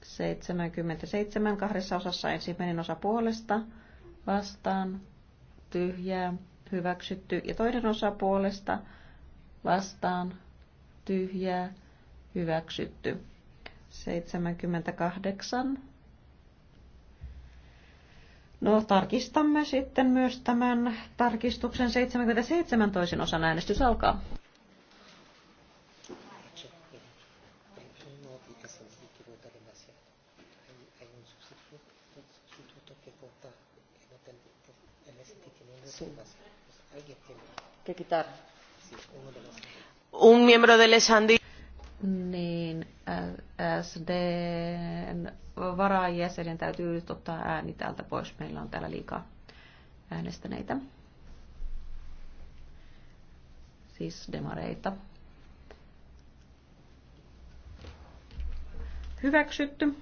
77 kahdessa osassa ensimmäinen osa puolesta vastaan tyhjää hyväksytty ja toinen osa puolesta vastaan tyhjää, hyväksytty. 78. No, tarkistamme sitten myös tämän tarkistuksen 77 toisen osan äänestys alkaa. que un miembro del SND. Niin, SDn varajäsenen täytyy nyt ottaa ääni täältä pois. Meillä on täällä liikaa äänestäneitä. Siis demareita. Hyväksytty.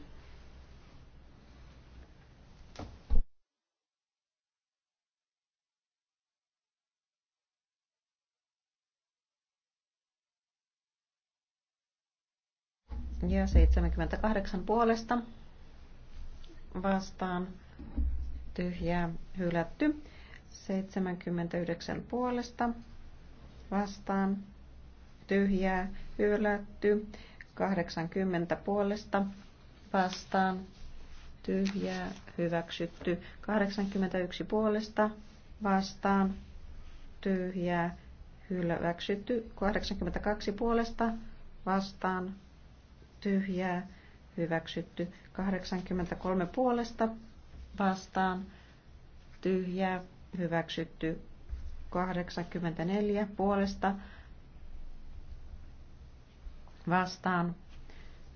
ja 78 puolesta vastaan tyhjää hylätty. 79 puolesta vastaan tyhjää hylätty. 80 puolesta vastaan tyhjää hyväksytty. 81 puolesta vastaan tyhjää hyväksytty. 82 puolesta vastaan tyhjää, hyväksytty. 83 puolesta vastaan, tyhjää, hyväksytty. 84 puolesta vastaan,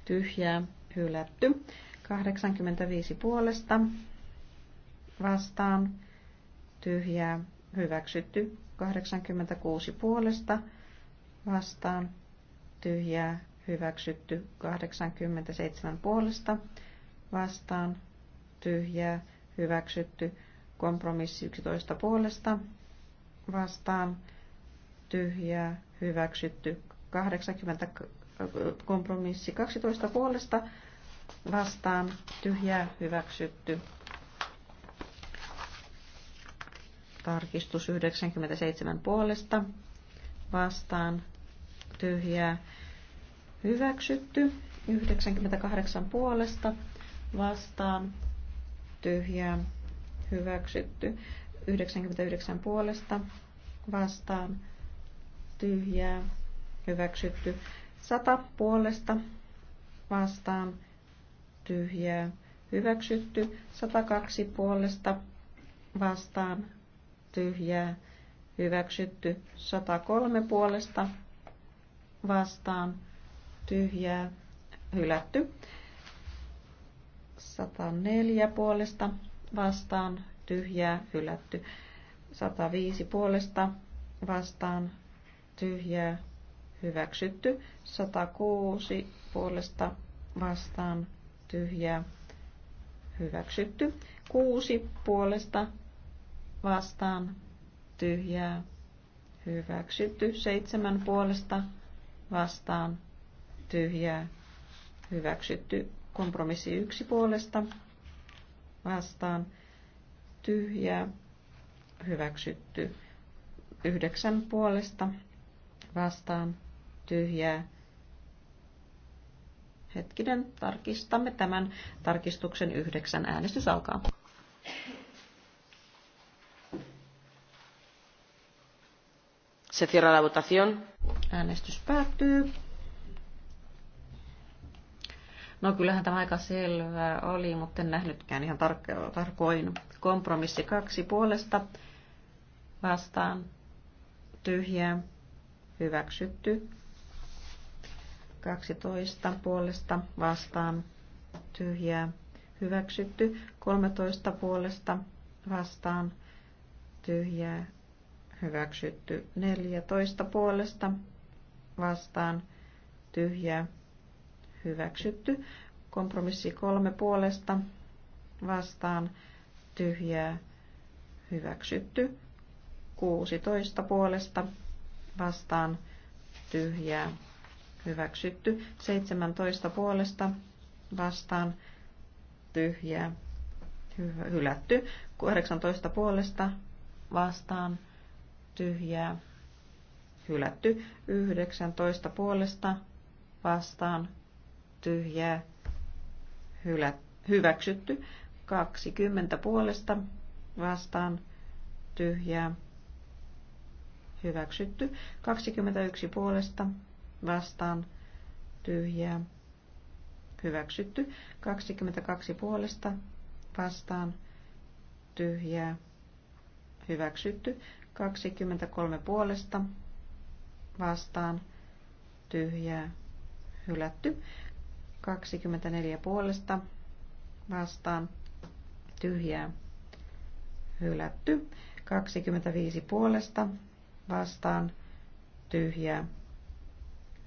tyhjää, hylätty. 85 puolesta vastaan, tyhjää, hyväksytty. 86 puolesta vastaan, tyhjää, hyväksytty 87 puolesta vastaan tyhjää hyväksytty kompromissi 11 puolesta vastaan tyhjää hyväksytty 80 kompromissi 12 puolesta vastaan tyhjää hyväksytty tarkistus 97 puolesta vastaan tyhjää Hyväksytty. 98 puolesta vastaan tyhjää. Hyväksytty. 99 puolesta vastaan tyhjää. Hyväksytty. 100 puolesta vastaan tyhjää. Hyväksytty. 102 puolesta vastaan tyhjää. Hyväksytty. 103 puolesta vastaan tyhjää tyhjää, hylätty. 104 puolesta vastaan, tyhjää, hylätty. 105 puolesta vastaan, tyhjää, hyväksytty. 106 puolesta vastaan, tyhjää, hyväksytty. 6 puolesta vastaan, tyhjää, hyväksytty. 7 puolesta vastaan, tyhjää hyväksytty. Kompromissi yksi puolesta vastaan tyhjää hyväksytty. Yhdeksän puolesta vastaan tyhjää Hetkinen, tarkistamme tämän tarkistuksen yhdeksän. Äänestys alkaa. Se cierra la votación. Äänestys päättyy. No kyllähän tämä aika selvää oli, mutta en nähnytkään ihan tarkoin. Kompromissi kaksi puolesta vastaan Tyhjä. hyväksytty. 12 puolesta vastaan Tyhjä. hyväksytty. 13 puolesta vastaan Tyhjä. hyväksytty. 14 puolesta vastaan tyhjä hyväksytty. Kompromissi kolme puolesta vastaan tyhjää hyväksytty. 16 puolesta vastaan tyhjää hyväksytty. 17 puolesta vastaan tyhjää hylätty. 18 puolesta vastaan tyhjää hylätty. 19 puolesta vastaan tyhjää, hylä, hyväksytty. 20 puolesta vastaan tyhjää, hyväksytty. 21 puolesta vastaan tyhjää, hyväksytty. 22 puolesta vastaan tyhjää, hyväksytty. 23 puolesta vastaan tyhjää, hylätty. 24 puolesta vastaan tyhjää hylätty. 25 puolesta vastaan tyhjää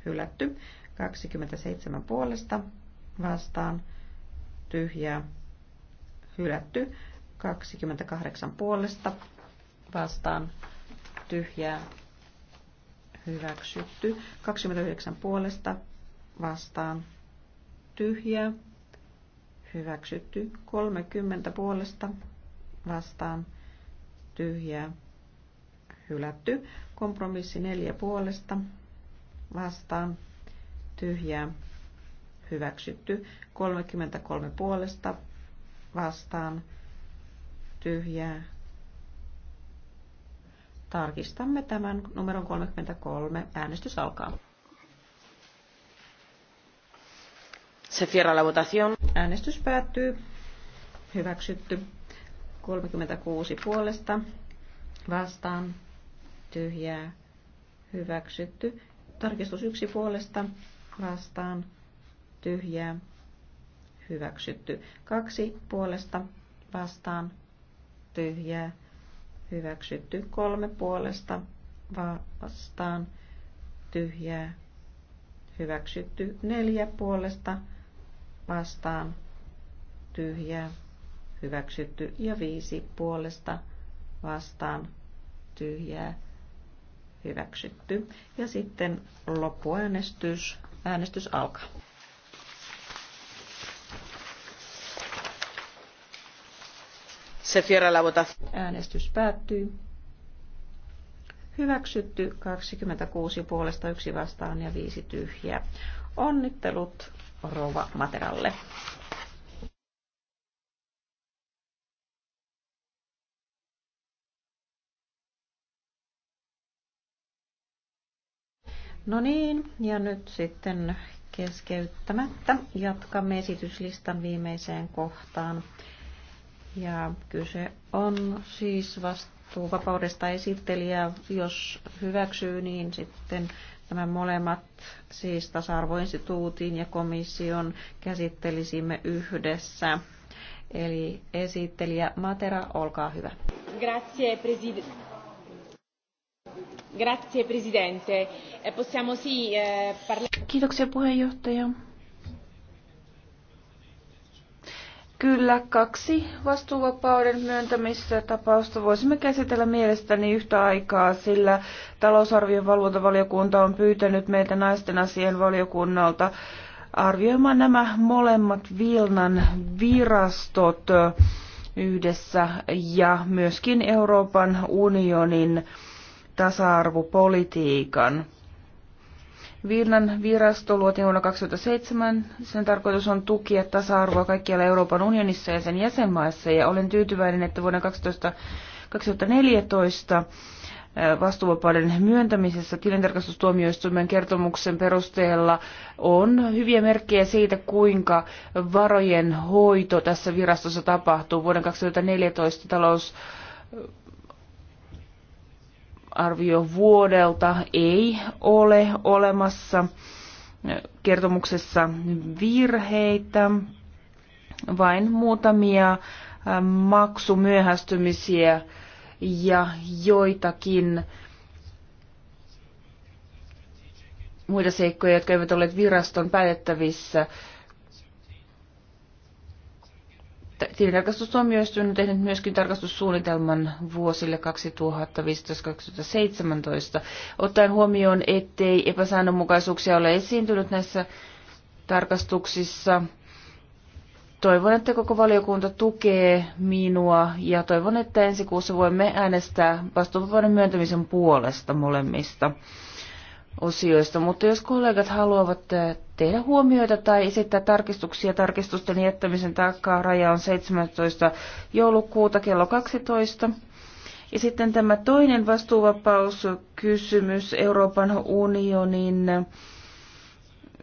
hylätty. 27 puolesta vastaan tyhjää hylätty. 28 puolesta vastaan tyhjää hyväksytty. 29 puolesta vastaan tyhjää, hyväksytty. 30 puolesta vastaan tyhjää, hylätty. Kompromissi 4 puolesta vastaan tyhjää, hyväksytty. 33 puolesta vastaan tyhjää. Tarkistamme tämän numeron 33. Äänestys alkaa. Se cierra la votación. Äänestys päättyy. Hyväksytty. 36 puolesta. Vastaan. Tyhjää. Hyväksytty. Tarkistus yksi puolesta. Vastaan. Tyhjää. Hyväksytty. Kaksi puolesta. Vastaan. Tyhjää. Hyväksytty. Kolme puolesta. Vastaan. Tyhjää. Hyväksytty. Neljä puolesta vastaan tyhjää hyväksytty ja viisi puolesta vastaan tyhjää hyväksytty. Ja sitten loppuäänestys. Äänestys alkaa. Se Äänestys päättyy. Hyväksytty 26 puolesta, yksi vastaan ja viisi tyhjää. Onnittelut Rova Materalle. No niin, ja nyt sitten keskeyttämättä jatkamme esityslistan viimeiseen kohtaan. Ja kyse on siis vasta vapaudesta esittelijä, jos hyväksyy, niin sitten nämä molemmat, siis tasa-arvoinstituutin ja komission, käsittelisimme yhdessä. Eli esittelijä Matera, olkaa hyvä. Grazie, presid- Grazie Presidente. E possiamo sì, eh, parlare... Kiitoksia puheenjohtaja. Kyllä, kaksi vastuuvapauden myöntämistä tapausta voisimme käsitellä mielestäni yhtä aikaa, sillä talousarvion valvontavaliokunta on pyytänyt meiltä naisten asian valiokunnalta arvioimaan nämä molemmat Vilnan virastot yhdessä ja myöskin Euroopan unionin tasa-arvopolitiikan. Vilnan virasto luotiin vuonna 2007. Sen tarkoitus on tukia tasa-arvoa kaikkialla Euroopan unionissa ja sen jäsenmaissa. Ja olen tyytyväinen, että vuonna 12, 2014 äh, vastuuvapauden myöntämisessä tilintarkastustuomioistuimen kertomuksen perusteella on hyviä merkkejä siitä, kuinka varojen hoito tässä virastossa tapahtuu. Vuoden 2014 talous arvio vuodelta ei ole olemassa kertomuksessa virheitä, vain muutamia ähm, maksumyöhästymisiä ja joitakin muita seikkoja, jotka eivät ole viraston päätettävissä. Tilintarkastustuomioistuin on tehnyt myöskin tarkastussuunnitelman vuosille 2015-2017, ottaen huomioon, ettei epäsäännönmukaisuuksia ole esiintynyt näissä tarkastuksissa. Toivon, että koko valiokunta tukee minua ja toivon, että ensi kuussa voimme äänestää vastuuvapauden myöntämisen puolesta molemmista osioista, mutta jos kollegat haluavat eh, tehdä huomioita tai esittää tarkistuksia, tarkistusten jättämisen takaa raja on 17. joulukuuta kello 12. Ja sitten tämä toinen vastuuvapauskysymys, Euroopan unionin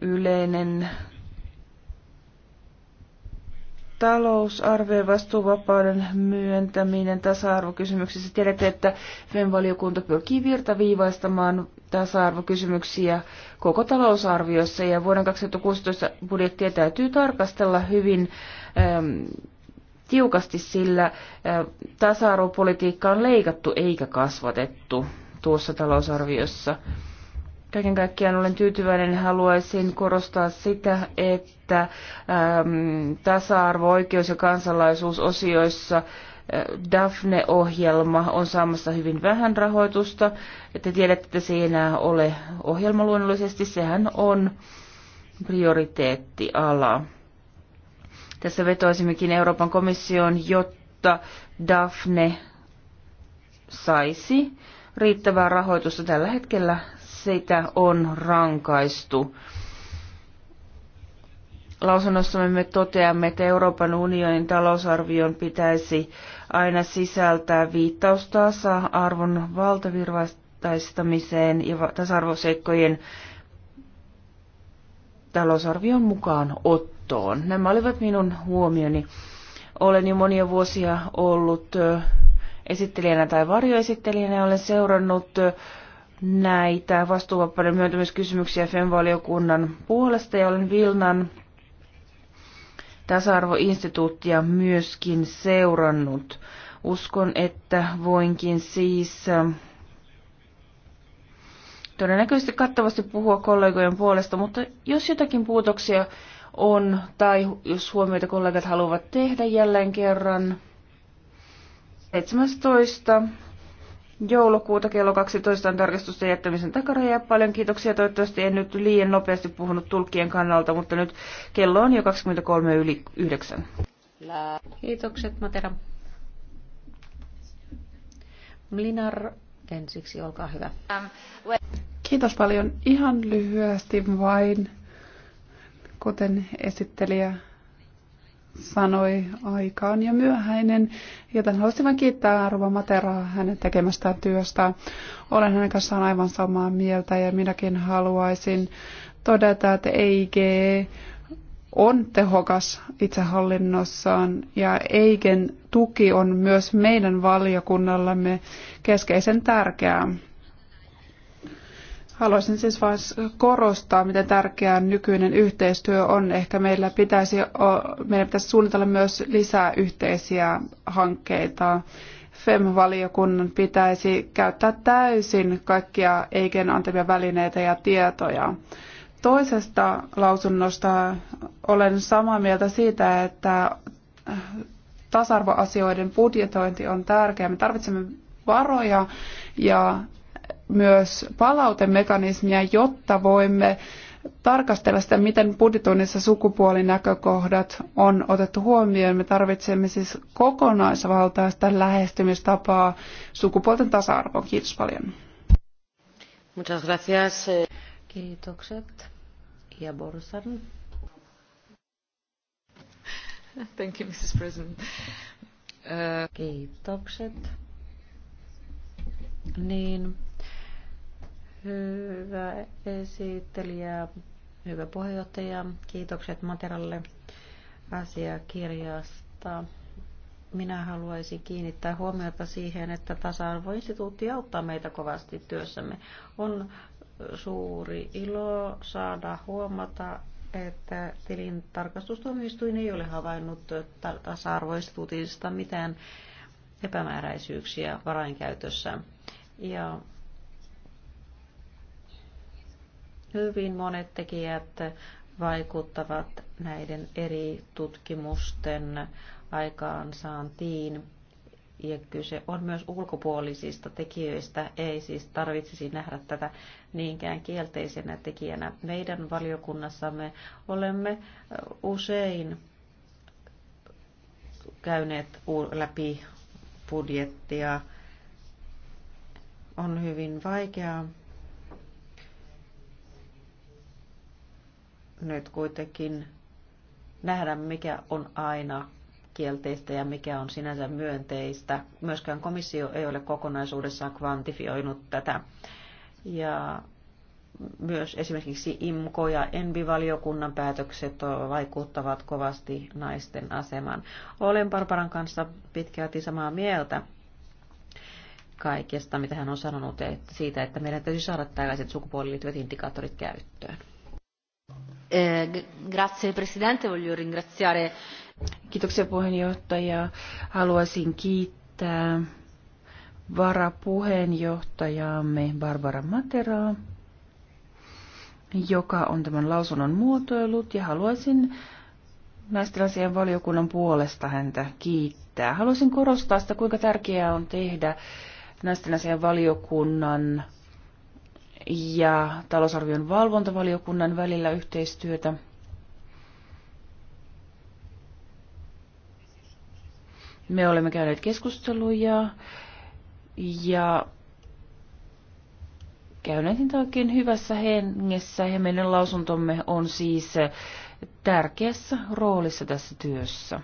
yleinen talousarvio vastuuvapauden myöntäminen tasa-arvokysymyksissä. Tiedätte, että FEM-valiokunta pyrkii virtaviivaistamaan tasa-arvokysymyksiä koko talousarviossa ja vuoden 2016 budjettia täytyy tarkastella hyvin äm, tiukasti, sillä ä, äh, tasa-arvopolitiikka on leikattu eikä kasvatettu tuossa talousarviossa. Kaiken kaikkiaan olen tyytyväinen. Haluaisin korostaa sitä, että äm, tasa-arvo, oikeus ja kansalaisuus osioissa äh, Daphne-ohjelma on saamassa hyvin vähän rahoitusta. Te tiedätte, että se ei enää ole ohjelma luonnollisesti, sehän on prioriteettiala. Tässä vetoisimmekin Euroopan komission, jotta Daphne saisi riittävää rahoitusta. Tällä hetkellä sitä on rankaistu. Lausunnossamme me toteamme, että Euroopan unionin talousarvion pitäisi aina sisältää viittaus tasa-arvon valtavirvastaistamiseen ja tasa-arvoseikkojen talousarvion mukaan ottoon. Nämä olivat minun huomioni. Olen jo monia vuosia ollut esittelijänä tai varjoesittelijänä olen seurannut näitä vastuuvapauden myöntämiskysymyksiä FEM-valiokunnan puolesta ja olen Vilnan tasa-arvoinstituuttia myöskin seurannut. Uskon, että voinkin siis äh, todennäköisesti kattavasti puhua kollegojen puolesta, mutta jos jotakin puutoksia on tai jos huomioita kollegat haluavat tehdä jälleen kerran 17 joulukuuta kello 12 on tarkastusten jättämisen takaraja. Paljon kiitoksia. Toivottavasti en nyt liian nopeasti puhunut tulkkien kannalta, mutta nyt kello on jo 23 yli 9. Kiitokset, Matera. Linar, ensiksi, olkaa hyvä. Kiitos paljon. Ihan lyhyesti vain, kuten esittelijä sanoi, aikaan ja myöhäinen, joten haluaisin vain kiittää Arvo Materaa hänen tekemästään työstä. Olen hänen kanssaan aivan samaa mieltä ja minäkin haluaisin todeta, että EIG on tehokas itsehallinnossaan ja EIGen tuki on myös meidän valiokunnallamme keskeisen tärkeää. Haluaisin siis vain korostaa, miten tärkeää nykyinen yhteistyö on. Ehkä meillä pitäisi, meidän pitäisi suunnitella myös lisää yhteisiä hankkeita. FEM-valiokunnan pitäisi käyttää täysin kaikkia Eiken antamia välineitä ja tietoja. Toisesta lausunnosta olen samaa mieltä siitä, että tasa-arvoasioiden budjetointi on tärkeää. Me tarvitsemme varoja ja myös palautemekanismia, jotta voimme tarkastella sitä, miten budjetoinnissa sukupuolinäkökohdat on otettu huomioon. Me tarvitsemme siis kokonaisvaltaista lähestymistapaa sukupuolten tasa-arvoon. Kiitos paljon. Muchas gracias. Eh. Kiitokset. Ja Borsan. Thank you, Mrs. President. Eh, Kiitokset. Niin, Hyvä esittelijä, hyvä puheenjohtaja. Kiitokset Materalle asiakirjasta. Minä haluaisin kiinnittää huomiota siihen, että tasa-arvoinstituutti auttaa meitä kovasti työssämme. On suuri ilo saada huomata, että tilintarkastustuomioistuin ei ole havainnut tasa-arvoinstituutista mitään epämääräisyyksiä varainkäytössä. Ja Hyvin monet tekijät vaikuttavat näiden eri tutkimusten aikaansaantiin. Ja kyse on myös ulkopuolisista tekijöistä, ei siis tarvitsisi nähdä tätä niinkään kielteisenä tekijänä. Meidän valiokunnassamme olemme usein käyneet läpi budjettia. On hyvin vaikeaa nyt kuitenkin nähdä, mikä on aina kielteistä ja mikä on sinänsä myönteistä. Myöskään komissio ei ole kokonaisuudessaan kvantifioinut tätä. Ja myös esimerkiksi IMKO- ja ENVI-valiokunnan päätökset vaikuttavat kovasti naisten asemaan. Olen Barbaran kanssa pitkälti samaa mieltä kaikesta, mitä hän on sanonut siitä, että meidän täytyy saada tällaiset sukupuoliin indikaattorit käyttöön. Eh, grazie Presidente, voglio ringraziare. Haluaisin kiittää varapuheenjohtajaamme Barbara Materaa, joka on tämän lausunnon muotoillut ja haluaisin naisten asian valiokunnan puolesta häntä kiittää. Haluaisin korostaa sitä, kuinka tärkeää on tehdä naisten asian valiokunnan ja talousarvion valvontavaliokunnan välillä yhteistyötä. Me olemme käyneet keskusteluja ja käyneet niitä oikein hyvässä hengessä ja meidän lausuntomme on siis tärkeässä roolissa tässä työssä.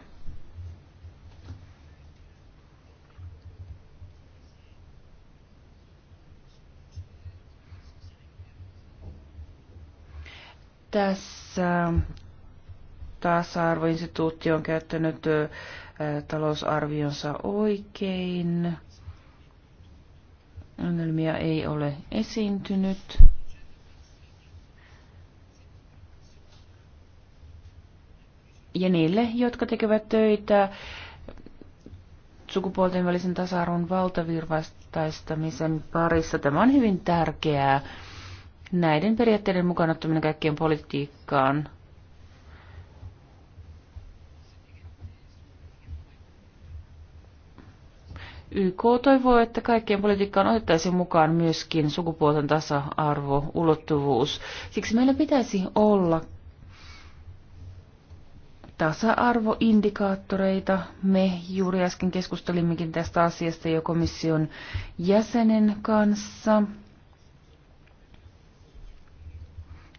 Tässä tasa-arvoinstituutti on käyttänyt talousarvionsa oikein. Ongelmia ei ole esiintynyt. Ja niille, jotka tekevät töitä sukupuolten välisen tasa-arvon valtavirvastaistamisen parissa, tämä on hyvin tärkeää näiden periaatteiden mukaan ottaminen kaikkien politiikkaan YK toivoo, että kaikkien politiikkaan otettaisiin mukaan myöskin sukupuolten tasa-arvo, ulottuvuus. Siksi meillä pitäisi olla tasa-arvoindikaattoreita. Me juuri äsken keskustelimmekin tästä asiasta jo komission jäsenen kanssa.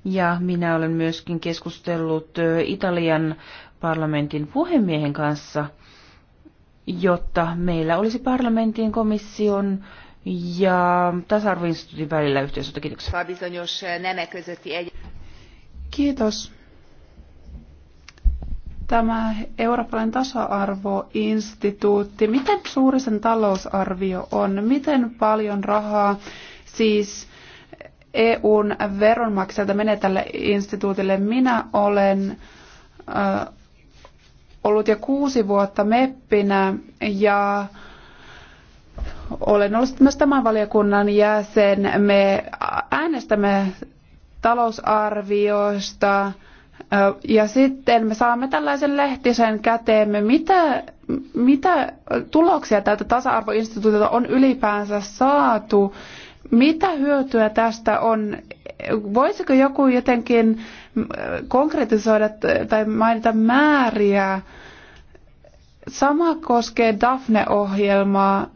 ja minä olen myöskin keskustellut Italian parlamentin puhemiehen kanssa, jotta meillä olisi parlamentin komission ja tasa-arvoinstituutin välillä yhteistyötä. Kiitoksia. Eh, Kiitos. Tämä Euroopan tasa-arvoinstituutti, miten suuri sen talousarvio on? Miten paljon rahaa siis EUn veronmaksajalta menee tälle instituutille. Minä olen äh, ollut jo kuusi vuotta meppinä ja olen ollut myös tämän valiokunnan jäsen. Me äänestämme talousarviosta ja sitten me saamme tällaisen lehtisen käteemme. Mitä, mitä tuloksia tältä tasa-arvoinstituutilta on ylipäänsä saatu? Mitä hyötyä tästä on? Voisiko joku jotenkin mm, konkretisoida tai mainita määriä? Sama koskee Daphne-ohjelmaa.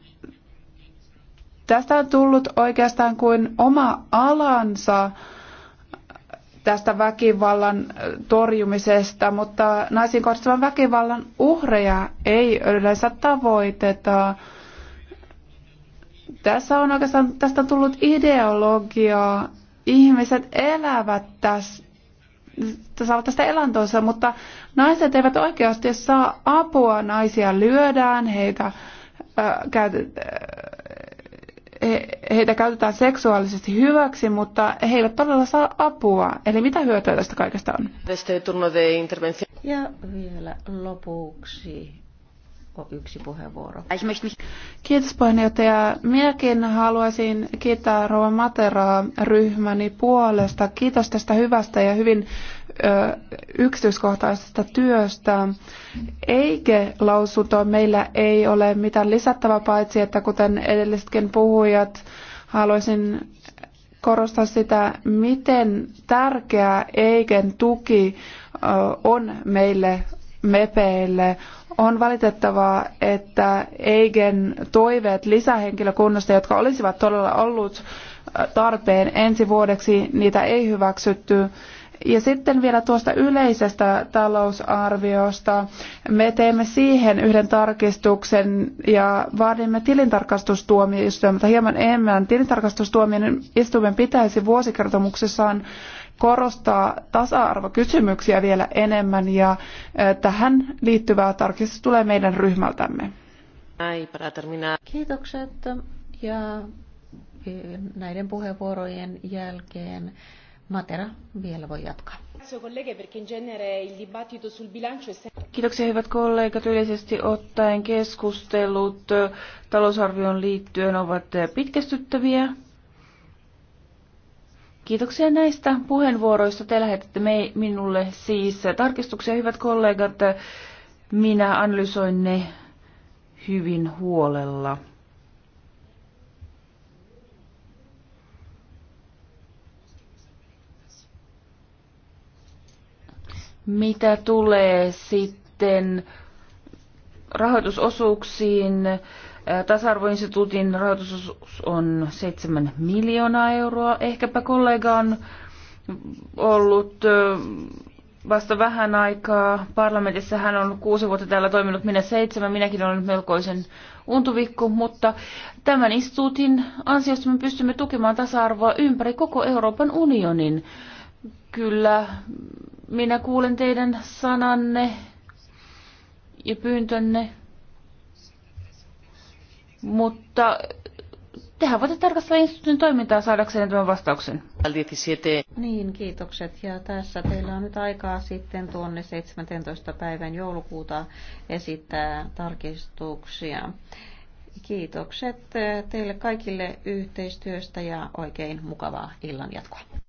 Tästä on tullut oikeastaan kuin oma alansa tästä väkivallan torjumisesta, mutta naisiin kohdistuvan väkivallan uhreja ei yleensä tavoiteta. Tässä on oikeastaan tästä on tullut ideologia. Ihmiset elävät tässä, saavat tästä elantonsa, mutta naiset eivät oikeasti saa apua. Naisia lyödään, heitä, käyt, äh, he, heitä käytetään seksuaalisesti hyväksi, mutta he eivät todella saa apua. Eli mitä hyötyä tästä kaikesta on? Ja vielä lopuksi yksi puheenvuoro. Kiitos puheenjohtaja. Minäkin haluaisin kiittää Rova Materaa ryhmäni puolesta. Kiitos tästä hyvästä ja hyvin ö, yksityiskohtaisesta työstä. Eike lausunto meillä ei ole mitään lisättävää paitsi, että kuten edellisetkin puhujat, haluaisin korostaa sitä, miten tärkeää Eiken tuki on meille mepeille. On valitettavaa, että Eigen toiveet lisähenkilökunnasta, jotka olisivat todella ollut äh, tarpeen ensi vuodeksi, niitä ei hyväksytty. Ja sitten vielä tuosta yleisestä talousarviosta. Me teemme siihen yhden tarkistuksen ja vaadimme tilintarkastustuomioistuimelta hieman enemmän. Tilintarkastustuomioistuimen pitäisi vuosikertomuksessaan korostaa tasa-arvokysymyksiä vielä enemmän ja tähän liittyvää tarkistus tulee meidän ryhmältämme. Kiitokset ja näiden puheenvuorojen jälkeen Matera vielä voi jatkaa. Kiitoksia hyvät kollegat. Yleisesti ottaen keskustelut talousarvioon liittyen ovat pitkästyttäviä. Kiitoksia näistä puheenvuoroista. Te lähetätte me, minulle siis tarkistuksia, hyvät kollegat. Minä analysoin ne hyvin huolella. Mitä tulee sitten rahoitusosuuksiin, Tasa-arvoinstituutin rahoitus on 7 miljoonaa euroa. Ehkäpä kollega on ollut vasta vähän aikaa parlamentissa. Hän on kuusi vuotta täällä toiminut, minä seitsemän. Minäkin olen melkoisen untuvikku, mutta tämän instituutin ansiosta me pystymme tukemaan tasa-arvoa ympäri koko Euroopan unionin. Kyllä, minä kuulen teidän sananne ja pyyntönne mutta tehän voitte tarkastella instituutin toimintaa saadakseen tämän vastauksen. Niin, kiitokset. Ja tässä teillä on nyt aikaa sitten tuonne 17. päivän joulukuuta esittää tarkistuksia. Kiitokset teille kaikille yhteistyöstä ja oikein mukavaa illan jatkoa.